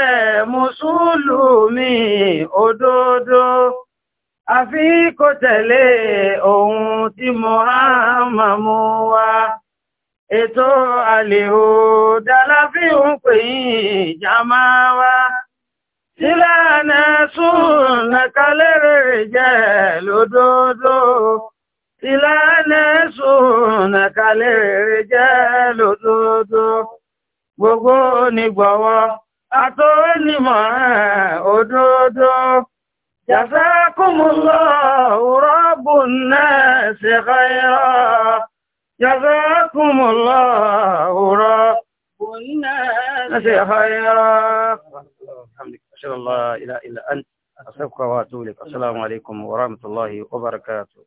S3: Mùsùlùmí òdodo. Àfi kó tẹ̀lé ohun tí Mùhámà mú wá. Ètò àlèhò dáláfí ń pè yìn jàmá wá. Sílànà súnnà kalẹ́rẹ̀ jẹ́ lódodo ìlànà ṣòrùnà kalẹ̀ rere jẹ́ lótóótó gbogbo onígbọ̀wọ́ àtò onímọ̀ òdòdó jazakumullahu rabbun nasi khaira jazakumullahu rabbun nasi khaira Assalamu alaikum wa rahmatullahi wa barakatuh